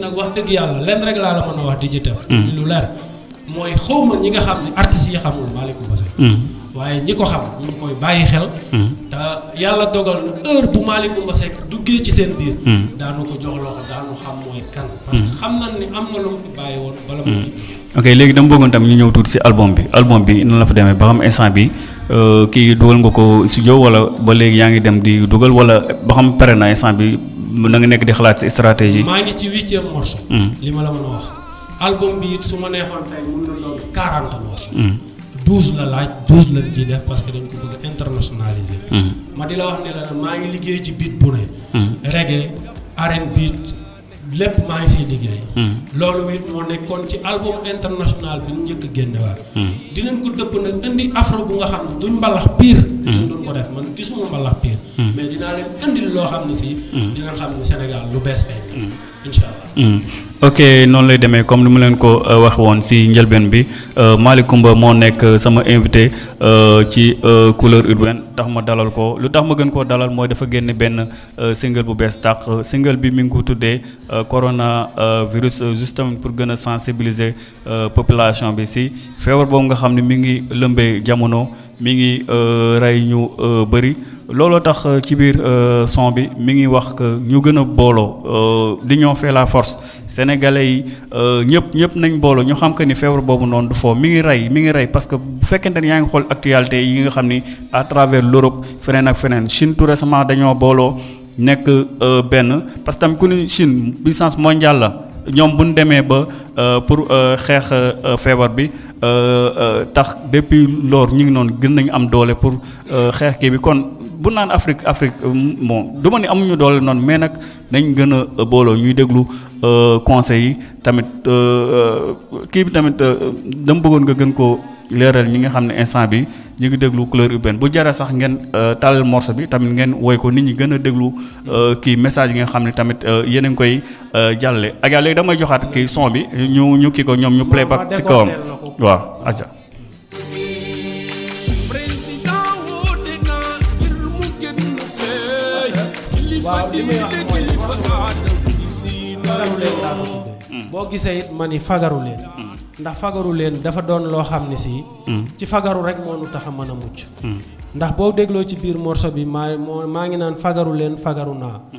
nag wax dëgg yàlla lenn rek laa la mën a wax di mm. lu leer mooy xawma ñi nga xam ne artistes yi xamul Malick Mbassé mm. waaye ñi ko xam ñu koy bàyyi xel mm. te yàlla dogal na heure bu Malick Mbassé duggee ci seen biir daanu ko jox loxo daanu xam mooy kan parce que xam nañ ni am na lu mu fi bàyyi woon bala mu fi ok léegi dama bëggoon tam ñu ñëw tuuti si album bi album bi nan la fa demee ba xam instant bi euh, kii dugal nga ko si studio wala ba léegi yaa ngi dem di dugal wala ba xam bi na nga nekk di xalaat si stratégie. maa ngi ci huitième morceau. Hmm. li ma la mën a wax. album bi it su ma neexoon tey mën na doon quarante hmm. la laaj douze parce que dañ ko bëgg hmm. ma di la wax ne maa ngi liggéey ci beat bu ne. reggae R&B lépp maa ngi siy liggéey. loolu it moo nekkoon ci album international bi ñu njëkk a génnewaat. dinañ ko dëpp nag indi afro bu nga xam duñ mbalax pire. ñun hmm. duñ ko def man gisuma ma lappi hmm. mais dinaa leen andil loo xam ne si hmm. dina xam ne Sénégal lu bees fay inshallah ok noonu lay demee comme ni mu leen ko euh, wax woon si njëlbeen bi euh, Malick moo nekk euh, sama invité ci couleur urbaine tax ma dalal ko lu tax ma gën koo dalal mooy dafa génn benn euh, single bu bees tàq single bi mi ngi ko tuddee euh, corona euh, virus justement pour gën a sensibiliser population bi si feebar boobu nga xam ne mi ngi lëmbee jamono mi ngi rey ñu bëri looloo tax ci biir son bi mi ngi wax que ñu gën a booloo ñoo fait la force sénégalais yi ñëpp ñëpp nañ booloo ñu xam que ni feebar boobu noonu du foo mi ngi rey mi ngi rey parce bu fekkente ne yaa ngi xool actualité l'Europe feneen ak feneen Chine tout récemment dañoo booloo nekk euh, benn parce que tamit Chine puissance mondiale la ñoom bu demee ba euh, pour euh, xeex feebar bi tax depuis loor ñu ngi noonu gën nañu am doole pour xeex kii bi kon bu naan Afrique Afrique bon du amuñu doole noonu mais nag nañ gën a booloo ñuy déglu conseils yi tamit kii bi tamit dama bëggoon nga gën ko leeral ñi nga xam ne instant bi ñu ngi déglu couleur urbaine bu jaree sax ngeen euh, talal morceau bi tamit ngeen woy ko nit ñi gën a déglu euh, kii message yi nga xam ne tamit euh, yéen a koy jàllale ak yàlla léegi damay joxaat kii son bi ñu ñu kii ko ñoom ñu playback ci kawam ah, waaw aca waaw li muy ndax fagaru leen dafa doon loo xam ne si. Mm. ci fagaru rek moo nu tax a mën a mucc. Mm. ndax boo dégloo ci biir morso bi maa moo maa ngi naan fagaru leen fagaru naa. Mm.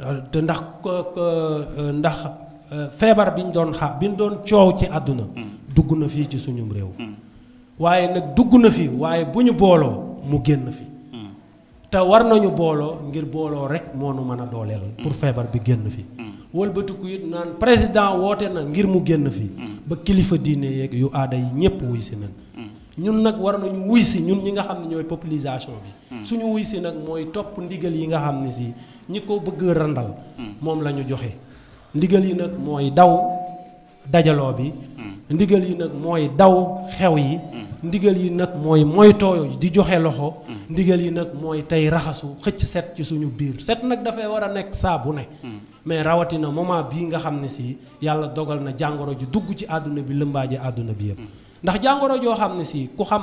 Euh, te ndax euh, ndax euh, feebar bi ñu doon xa bi ñu doon coow ci àdduna. dugg na fii ci suñum réew. waaye nag dugg na fi waaye bu ñu booloo mu génn fi. te war nañu booloo ngir booloo rek moo nu mën a dooleel. pour feebar bi génn fi. wëlbatiku it naan président woote na ngir mu génn fii. Mm. ba kilifa diine yeeg yu aada yi ñëpp wuy si nag. Mm. ñun nag war nañu wuy si ñun ñi nga xam ne ñooy population bi. Mm. suñu wuy si nag mooy topp ndigal yi nga xam ne si ñi ko bëgg randal. moom la ñu joxe. ndigal yi nag mooy daw dajaloo bi. ndigal yi nag mooy daw xew yi. ndigal yi nag mooy moytoo di joxe loxo. ndigal yi nag mooy tey raxasu xëcc set ci suñu biir set nag dafay war a nekk saabu ne. mais rawatina moment bii nga xam ne si yàlla dogal na jàngoro ji dugg ci àdduna bi lëmbaaje àdduna bi yëpp. ndax jàngoro joo xam ne si ku xam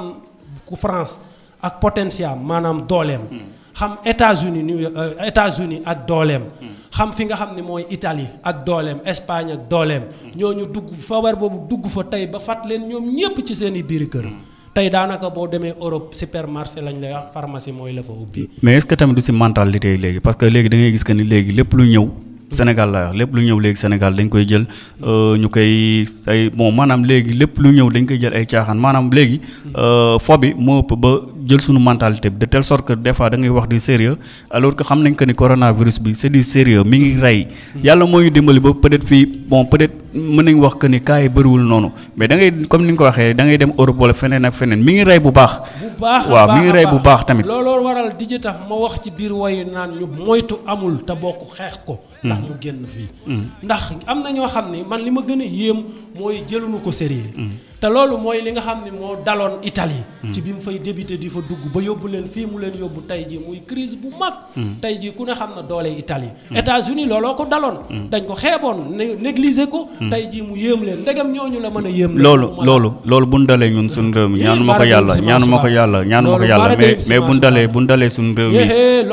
ku France ak potentiel maanaam dooleem. Hmm. xam États-Unis New euh, États-Unis ak dooleem. Hmm. xam fi nga xam ni mooy Italie ak dooleem Espagne ak dooleem. Hmm. ñooñu dugg feebar boobu dugg fa tey ba fat leen ñoom ñëpp ci seen i biir kër. tey daanaka boo demee Europe supermarché lañ lay wax pharmacie mooy la fa ubbi. mais est-ce que tamit du si mentalité léegi parce que léegi da ngay gis que ni léegi lu ñëw. Sénégal laa wax lépp lu ñëw léegi Sénégal dañ koy jël euh, ñu koy ay bon maanaam léegi lépp lu ñëw dañ koy jël ay caaxaan maanaam léegi fo euh, bi moo ba jël suñu mentalité bi de telle sorte que des fois da ngay wax di sérieux alors que xam nañ que ni coronavirus bi c'est du sérieux mi ngi rey yàlla moo dimbali ba peut-être fii bon peut-être mën nañ wax que ni cas yi bëriwul noonu mais da comme ni nga ko waxee da ngay dem Europe wala feneen ak feneen mi ngi rey bu baax waaw mi ngi rey bu baax tamit looloo waral di ji tax ma wax ci biir wayu naan ñu moytu amul te bokk xeex ko ndax hmm. mu génn fii hmm. ndax am na ñoo xam ne man li ma gën a yéem mooy jëluñu ko sérieux hmm. te loolu mooy li nga xam ne moo daloon Italie. Mm. ci bi mu fay débuté di fa dugg ba yóbbu leen fii mu leen yóbbu tey jii muy crise bu mag. Mm. tey jii ku ne xam na doole Italie. Mm. États-Unis looloo ko daloon. dañ ko xeeboon négliger ko. tey ji mu yéem leen ndegam ñooñu la mën a yéem. loolu loolu loolu bu ñu dalee ñun suñu réew mi ñaanu ma ko yàlla ñaanu ma ko yàlla ñaanu ma ko yàlla mais bu ñu dalee bu ñu dalee suñu réew mi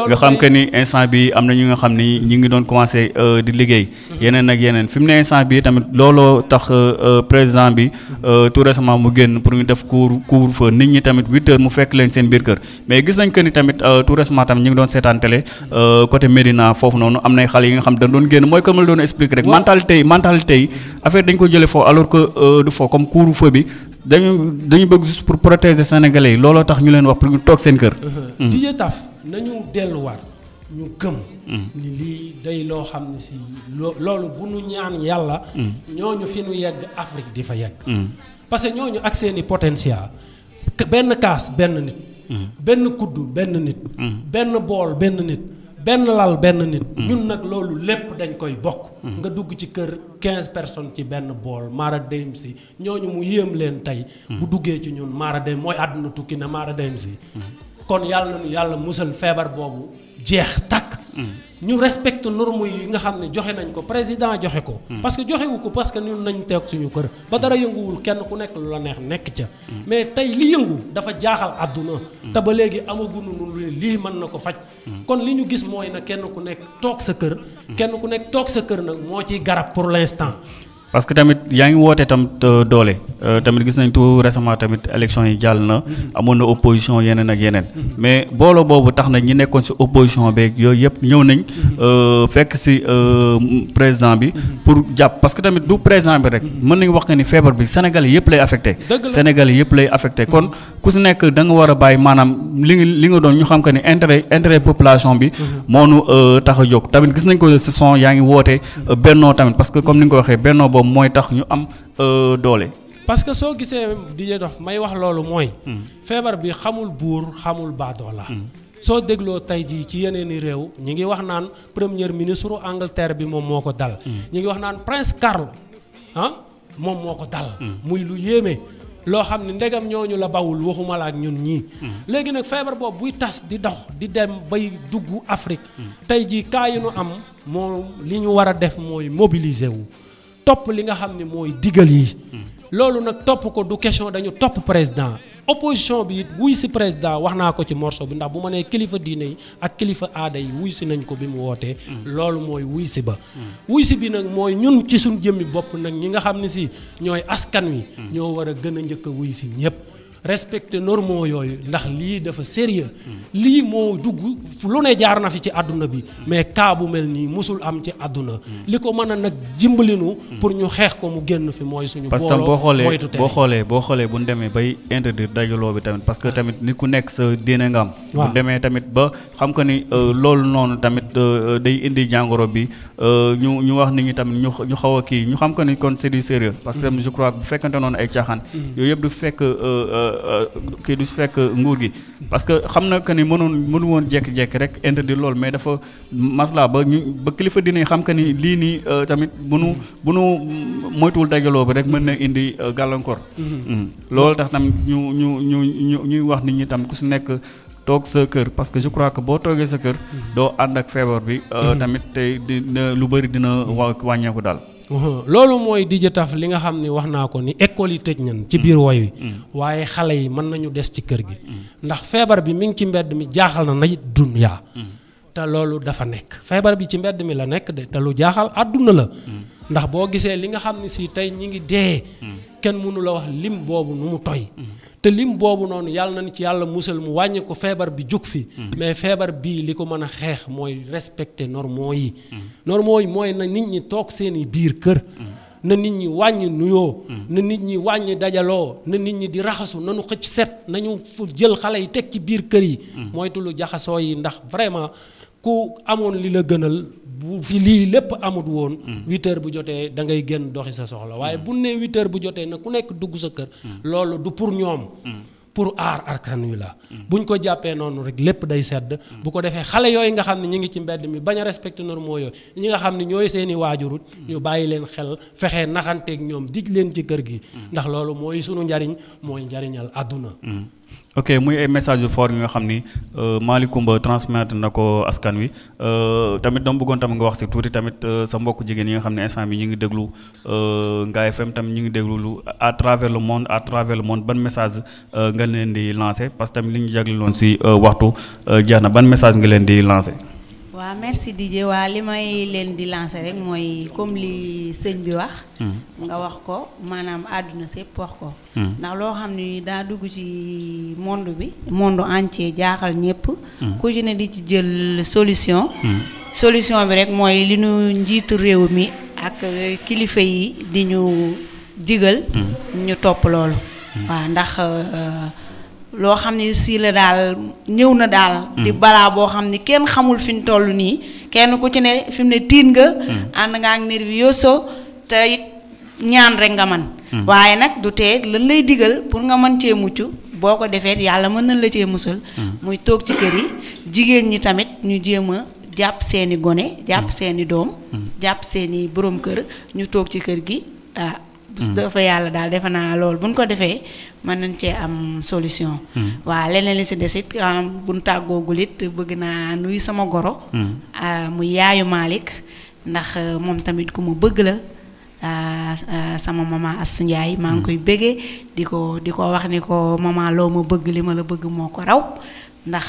nga xam que ni instant bi am na ñu nga xam ni ñu ngi doon commencé euh, di liggéey mm-hmm. yeneen ak yeneen bi tout récemment mu génn pour ñu def couvre couvre feu nit ñi tamit huit heures mu fekk leen seen biir kër mais gis nañ que ni tamit euh, tout tamit ñu ngi doon seetaan télé euh, côté Médina foofu noonu am nay xale yi nga xam dañ doon génn mooy comme la doon expliquer rek mentalité yi mentalité yi affaire dañ ko jëlee foofu alors que euh, du foofu comme couvre feu bi dañu dañu bëgg juste pour protéger sénégalais yi looloo tax ñu leen wax pour ñu toog seen kër. Uh-huh. Mm. DJ Taf nañu delluwaat parce que ñooñu ak seeni i benn kaas benn nit. Mm-hmm. benn kuddu benn nit. Mm-hmm. benn bool benn nit. benn lal benn nit. Mm-hmm. ñun nag loolu lépp dañ koy bokk. nga dugg ci kër quinze personnes ci benn bool maara deyim si ñooñu mu yéem leen tey. bu duggee ci ñun maara mooy àdduna tukki na maara deyim si. kon yàlla na ñu yàlla musal feebar boobu. jeex takk ñu respecte normes yi nga xam ne joxe nañ ko président joxe ko. Mm. parce que joxe ko parce que ñun nañ teeg suñu kër. ba dara yënguwul kenn ku nekk lu la neex nekk ca. Mm. mais tey li yëngu dafa jaaxal àdduna. Mm. te ba léegi amaguñu lu lii mën na ko faj. kon li ñu gis mooy na kenn ku nekk toog sa kër. kenn ku nekk toog sa kër nag moo ciy garab pour l'instant. parce que tamit yaa ngi woote tamit euh, doole euh, tamit gis nañ tout récemment tamit élection yi jàll na. Mm-hmm. amoon na opposition yeneen ak yeneen. Mm-hmm. mais booloo boobu tax na ñi nekkoon si opposition beeg yooyu yëpp ñëw nañ. Mm-hmm. Euh, fekk si président bi. pour jàpp parce que tamit du président bi rek. mën nañu wax que ni feebar bi Sénégal yëpp lay affecté. Sénégal yëpp lay affecté kon ku si nekk da nga war bàyyi maanaam li nga li ñu xam que ni intérêt intérêt bi. moo a jóg tamit gis nañ ko si yaa ngi woote bennoo tamit parce que comme ni nga ko waxee bennoo boobu boobu mooy tax ñu am euh, doole. parce que soo gisee DJ dox may wax loolu mooy. Hmm. feebar bi xamul buur xamul la hmm. soo dégloo tey jii ci yeneeni réew ñi ngi wax naan première ministre Angleterre bi moom moo ko dal. Hmm. ngi wax naan prince Carl ah moom moo ko dal. muy lu yéeme. loo xam ne ndegam ñooñu la bawul waxuma la ak ñun ñii. léegi nag feebar boobu buy tas di dox di dem bay dugg Afrique. tey jii kaa yi nu am moom li ñu war a def mooy mobiliser wu. topp li nga xam ne mooy digal yi. loolu nag topp ko du question dañu topp président opposition bi it wuy si président wax naa ko ci morceau bi ndax bu ma nee kilifa diine yi ak kilifa aada yi wuy si nañ ko bi mu wootee. loolu mooy wuy si ba. wuy si bi nag mooy ñun ci suñu jëmmi bopp nag ñi nga xam ne si ñooy askan wi. ñoo war a gën a njëkk a wuy si ñëpp. respecté normes yooyu ndax lii dafa sérieux lii moo dugg lu ne jaar na fi ci àdduna bi mais cas bu mel nii musul am ci àdduna li ko mën a nag jimbalinu pour ñu xeex ko mu génn fi mooy suñu parce que boo xoolee boo xoolee boo xoolee bu ñu demee bay interdire dajaloo bi tamit parce que ah. tamit ni ku nekk sa diine nga bu demee tamit ba xam ko ni euh, loolu noonu tamit euh, euh, day indi jàngoro bi ñu ñu wax ni ñi tamit ñu ñu xaw a kii ñu xam ko ni kon c'est du sérieux parce que mm. je crois bu fekkante noonu ay Euh, kii du fekk nguur gi parce que xam na que ni mënoon mënu woon jekk-jekk rek interdire loolu mais dafa masla ba ñu ba kilifa dina xam que ni lii nii euh, tamit bu nu bu nu moytuwul dajaloo bi rek mën na indi euh, gàllankoor mhm. Mhm. loolu tax tam ñu ñu ñu ñu ñuy wax nit ñi tam ku si nekk tok sa kër parce que je crois que bo toge sa kër mhm. do and ak febar bi tamit dina lu bari dina wañeku dal loolu mooy di jëtaf li nga xam ni wax naa ko ni école yi tëj nañ ci biir woy wi mm. Mm. waaye xale yi mën nañu des ci kër gi mm. ndax feebar bi mi ngi ci mbedd mi jaaxal na na dunya te loolu dafa nekk feebar bi ci mbedd mi la nekk de te lu jaaxal àdduna la ndax boo gisee li nga xam ni si tey ñi ngi dee kenn mënula wax lim boobu nu mu toy te lim boobu noonu yàlla nañ ci yàlla musal mu wàññi ko feebar bi jóg fi mm-hmm. mais feebar bii li ko mën a xeex mooy respecter normes yi mm-hmm. normes yi mooy na nit ñi toog seeni biir kër mm-hmm. na nit ñi wàññ nuyoo na nit ñi wàññi dajaloo na nit ñi di raxasu nañu xëcc set nañu jël xale yi teg ci biir kër yi moytu lu jaxasoo yi ndax vraiment ku amoon li la gënal bu fi lii lépp amut woon. Mm. huit bu jotee da ngay génn doxi sa soxla waaye mm. bu ne huit heures bu jotee na ku nekk dugg sa kër. Mm. loolu du pour ñoom. pour aar arkan wi la. buñ ko jàppee noonu rek lépp day sedd. bu ko defee xale yooyu nga xam ne ñu ngi ci mbedd mi bañ a respecté normaux yooyu ñi nga xam ne ñooy seen i waajurut. ñu bàyyi leen xel fexe naxanteeg ñoom dig leen ci kër gi. ndax loolu mooy sunu njariñ mooy njariñal àdduna. ok muy ay message fort yi nga xam euh, transmettre na askan wi euh, tamit dama bëggoon tam nga wax si tuuti tamit euh, sa mbokk jigéen yi nga xam instant bi ngi déglu à travers le monde à travers le monde message nga di parce que ban message nga waaw merci DJ waa li may leen di lancer rek mooy comme li sëñ bi wax. Hmm. nga wax ko maanaam àdduna sépp wax ko. Hmm. ndax loo xam ni daa dugg ci monde bi. monde entier jaaxal ñépp. Hmm. ku ci ne di ci jël solution. solution bi rek mooy li ñu njiitu réew mi ak kilifa yi di ñu digal. ñu topp loolu. waa ndax. Euh, loo xam ne sii la daal ñëw na daal. di hmm. balaa boo xam ne kenn xamul fi ñu toll nii kenn ku ci ne fi mu ne tiit nga. Hmm. ànd nga ak nervioso te it ñaan rek nga man hmm. waaye nag du tee lan lay digal pour nga mën cee mucc boo ko defee yàlla mën na la cee musal. muy toog ci kër yi jigéen ñi tamit ñu jéem a jàpp seeni gone jàpp seeni doom. jàpp seeni borom kër ñu toog ci kër gi ah. bu dafa yàlla daal defe naa loolu bu ñu ko defee mën nañ cee am solution. Hmm. waa leneen li si des it ah, bu ñu tàggoogul it bëgg naa nuyu sama goro. Hmm. Ah, mu yaayu Malick ndax ah, moom tamit ku ma bëgg la. sama maman Astou Ndiaye maa ngi hmm. koy bëggee di ko di ko wax ni ko maman loo ma bëgg li ma la bëgg moo ko raw ndax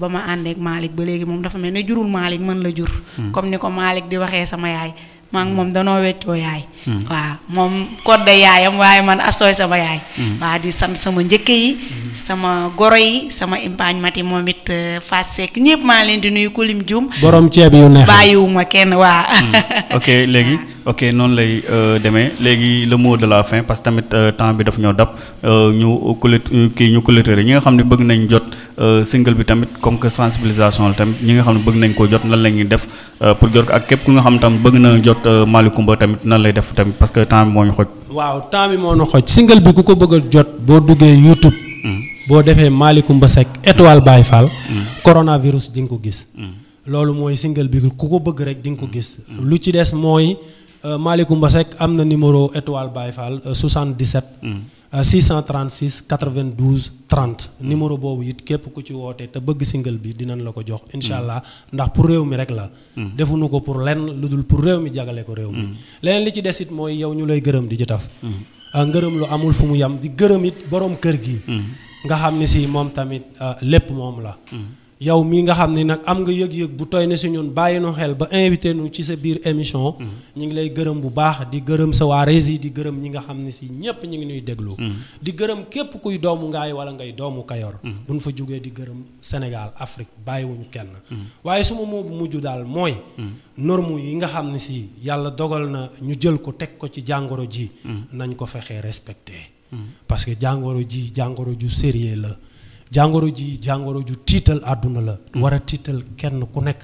ba ma àndeek maalik ba léegi moom dafa mel ne jurul Malick mën la jur comme ni ko Malick di waxee sama yaay maa ngi moom danoo weccoo yaay. Hmm. waaw moom kodda yaayam waaye man asooy sama yaay. Hmm. waa di sant sama njëkk yi. Hmm. sama goro yi sama impaañ mati moom it euh, fas Seck ñëpp maa leen di nuyu Kulim Dioum. borom ceeb yu neex bàyyiwuma kenn waa. ok léegi. ok noonu lay euh, demee léegi le mot de la fin parce que tamit euh, temps bi daf ñoo dab euh, ñu collé kii ñu collecteur ñi nga xam ne bëgg nañ jot single bi tamit comme que sensibilisation la tamit ñi nga xam ne bëgg nañ ko jot nan la ñuy def pour jot ak képp ku nga xam tam bëgg na jot Malicoumba tamit nan lay def tamit parce que temps moo ñu xoj. waaw temps bi moo ñu xoj single bi ku ko bëgg jot boo duggee YouTube. Hmm. boo defee Malicoumba Seck étoile hmm. Baye Fall. Hmm. coronavirus di nga ko gis. loolu mooy single bi ku ko bëgg rek di nga ko gis. lu ci des mooy. Euh, Malicoumba Seck am na numéro étoile Baye Fall 77. 636 92 30 numéro boobu it képp ku ci wootee te bëgg single bi dinañ la ko jox. Mm. incha allah ndax pour réew mi rek la. Mm. defuñu ko pour lenn ludul pour réew mi jagale ko réew mi. Mm. leneen li ci des it mooy yow ñu lay gërëm di ci taf. Euh, ngërëm lu amul fu mu yam di gërëm it borom kër gi. nga xam ne si moom tamit euh, lépp moom la. yow mii nga xam ni nag am nga yëg-yëg bu toy na si ñun bàyyi nu xel ba invité nu ci sa biir émission. Mm-hmm. ñu ngi lay gërëm bu baax di gërëm sa waar régie di gërëm ñi nga xam ne si ñëpp ñu ngi nuy déglu. Mm-hmm. di gërëm képp kuy doomu ngaay wala ngay doomu kayor. Mm-hmm. bu nu fa jógee di gërëm Sénégal Afrique bàyyiwuñu kenn. waaye suma moo bu mujj daal mooy. norme yi nga xam ne si yàlla dogal na ñu jël ko teg ko ci jàngoro ji. nañ ko fexee respecté. parce que jàngoro ji jàngoro ju sérieux la. jàngoro ji jàngoro ju tiital àdduna la war a tiital kenn ku nekk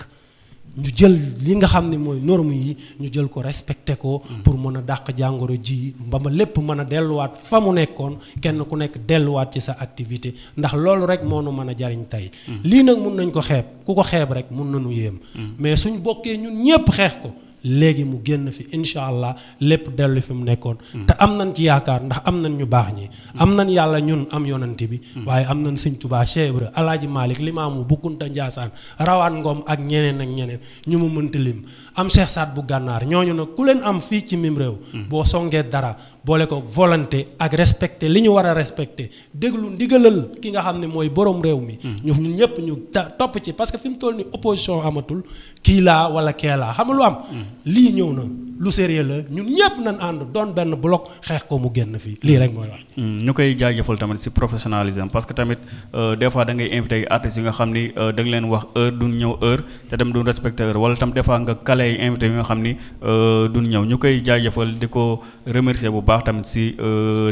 ñu jël li nga xam ni mooy norme yi ñu jël ko respecté ko pour mën a dàq jàngoro ji ba ma lépp mën a delluwaat fa mu nekkoon kenn ku nekk delluwaat ci sa activité ndax loolu rek moo nu mën a jariñ tey mm. lii nag mun nañ ko xeeb ku ko xeeb rek mun na nañu yéem mm. mais suñ bokkee ñun ñépp xeex ko léegi mu génn fi incha allah lépp dellu fi mu nekkoon. Mm. te am nañ ci yaakaar ndax am nañ ñu baax ñi. Mm. am nañ yàlla ñun am yonanti bi. Mm. waaye am nañ sëñ Tuubaa Cheikh Ibra Alaaji Malick Limaamu Bukkunta Njaasaan rawaat ngoom ak ñeneen ak ñeneen ñu mu mënti lim. am Cheikh Saad bu gànnaar ñooñu nag ku leen am fii ci mim réew. boo songee dara boole ko volonté ak respecté li ñu war a respecté déglu ndigalal ki nga xam ne mooy borom réew mi. Mm. ñu ñun ñëpp ñu topp ci parce que fi mu toll ni opposition amatul kii laa wala kee laa xam am. Mm. lii ñëw na. lu sérieux la ñun ñëpp nañ ànd doon benn bloc xeex ko mu génn fii lii rek mooy wax. Hmm, ñu koy jaajëfal tamit si professionnalisme parce que tamit euh, des fois da ngay invité ay nga xam ni euh, da nga leen wax heure duñ ñëw heure te dem duñ respecté heure wala tam des fois nga kale ay invité yi nga xam ni euh, duñ ñëw ñu koy jaajëfal di ko remercier bu baax tamit si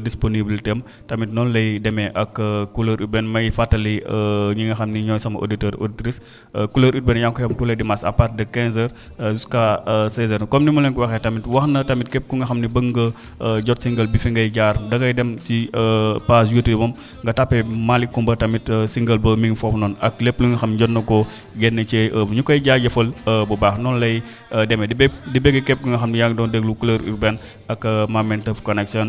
disponibilité am tamit noonu lay demee ak couleur urbaine may fàttali ñi nga xam ni ñoo sama auditeur auditrice couleur urbaine yaa de 15 heures comme ni ma leen ko waxee tamit wax na tamit képp ku nga xam ne bëgg nga euh, jot single bi fi ngay jaar da ngay dem si euh, page YouTube am nga tàppee Malick Coumba tamit euh, single ba mi ngi foofu noonu ak lépp lu nga xam ne jot na ko génn ci ñu koy jaajëfal bu baax noonu lay demee di di bëgg képp ku nga xam ne yaa ngi doon déglu couleur urbaine ak Mame Mentef connection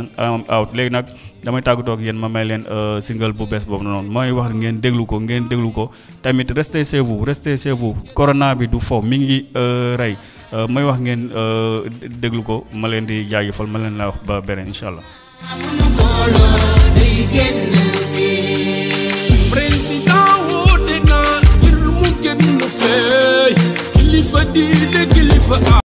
out léegi nag damay tagu ak yéen ma may leen euh, single bu bees boobu noonu mooy wax ngeen déglu ko ngeen déglu ko tamit restez chez vous restez chez vous corona bi du fo mi ngi euh, rey euh, may wax ngeen déglu ko ma leen di jaajëfal ma leen la wax ba beneen incha allah. kilifa diine kilifa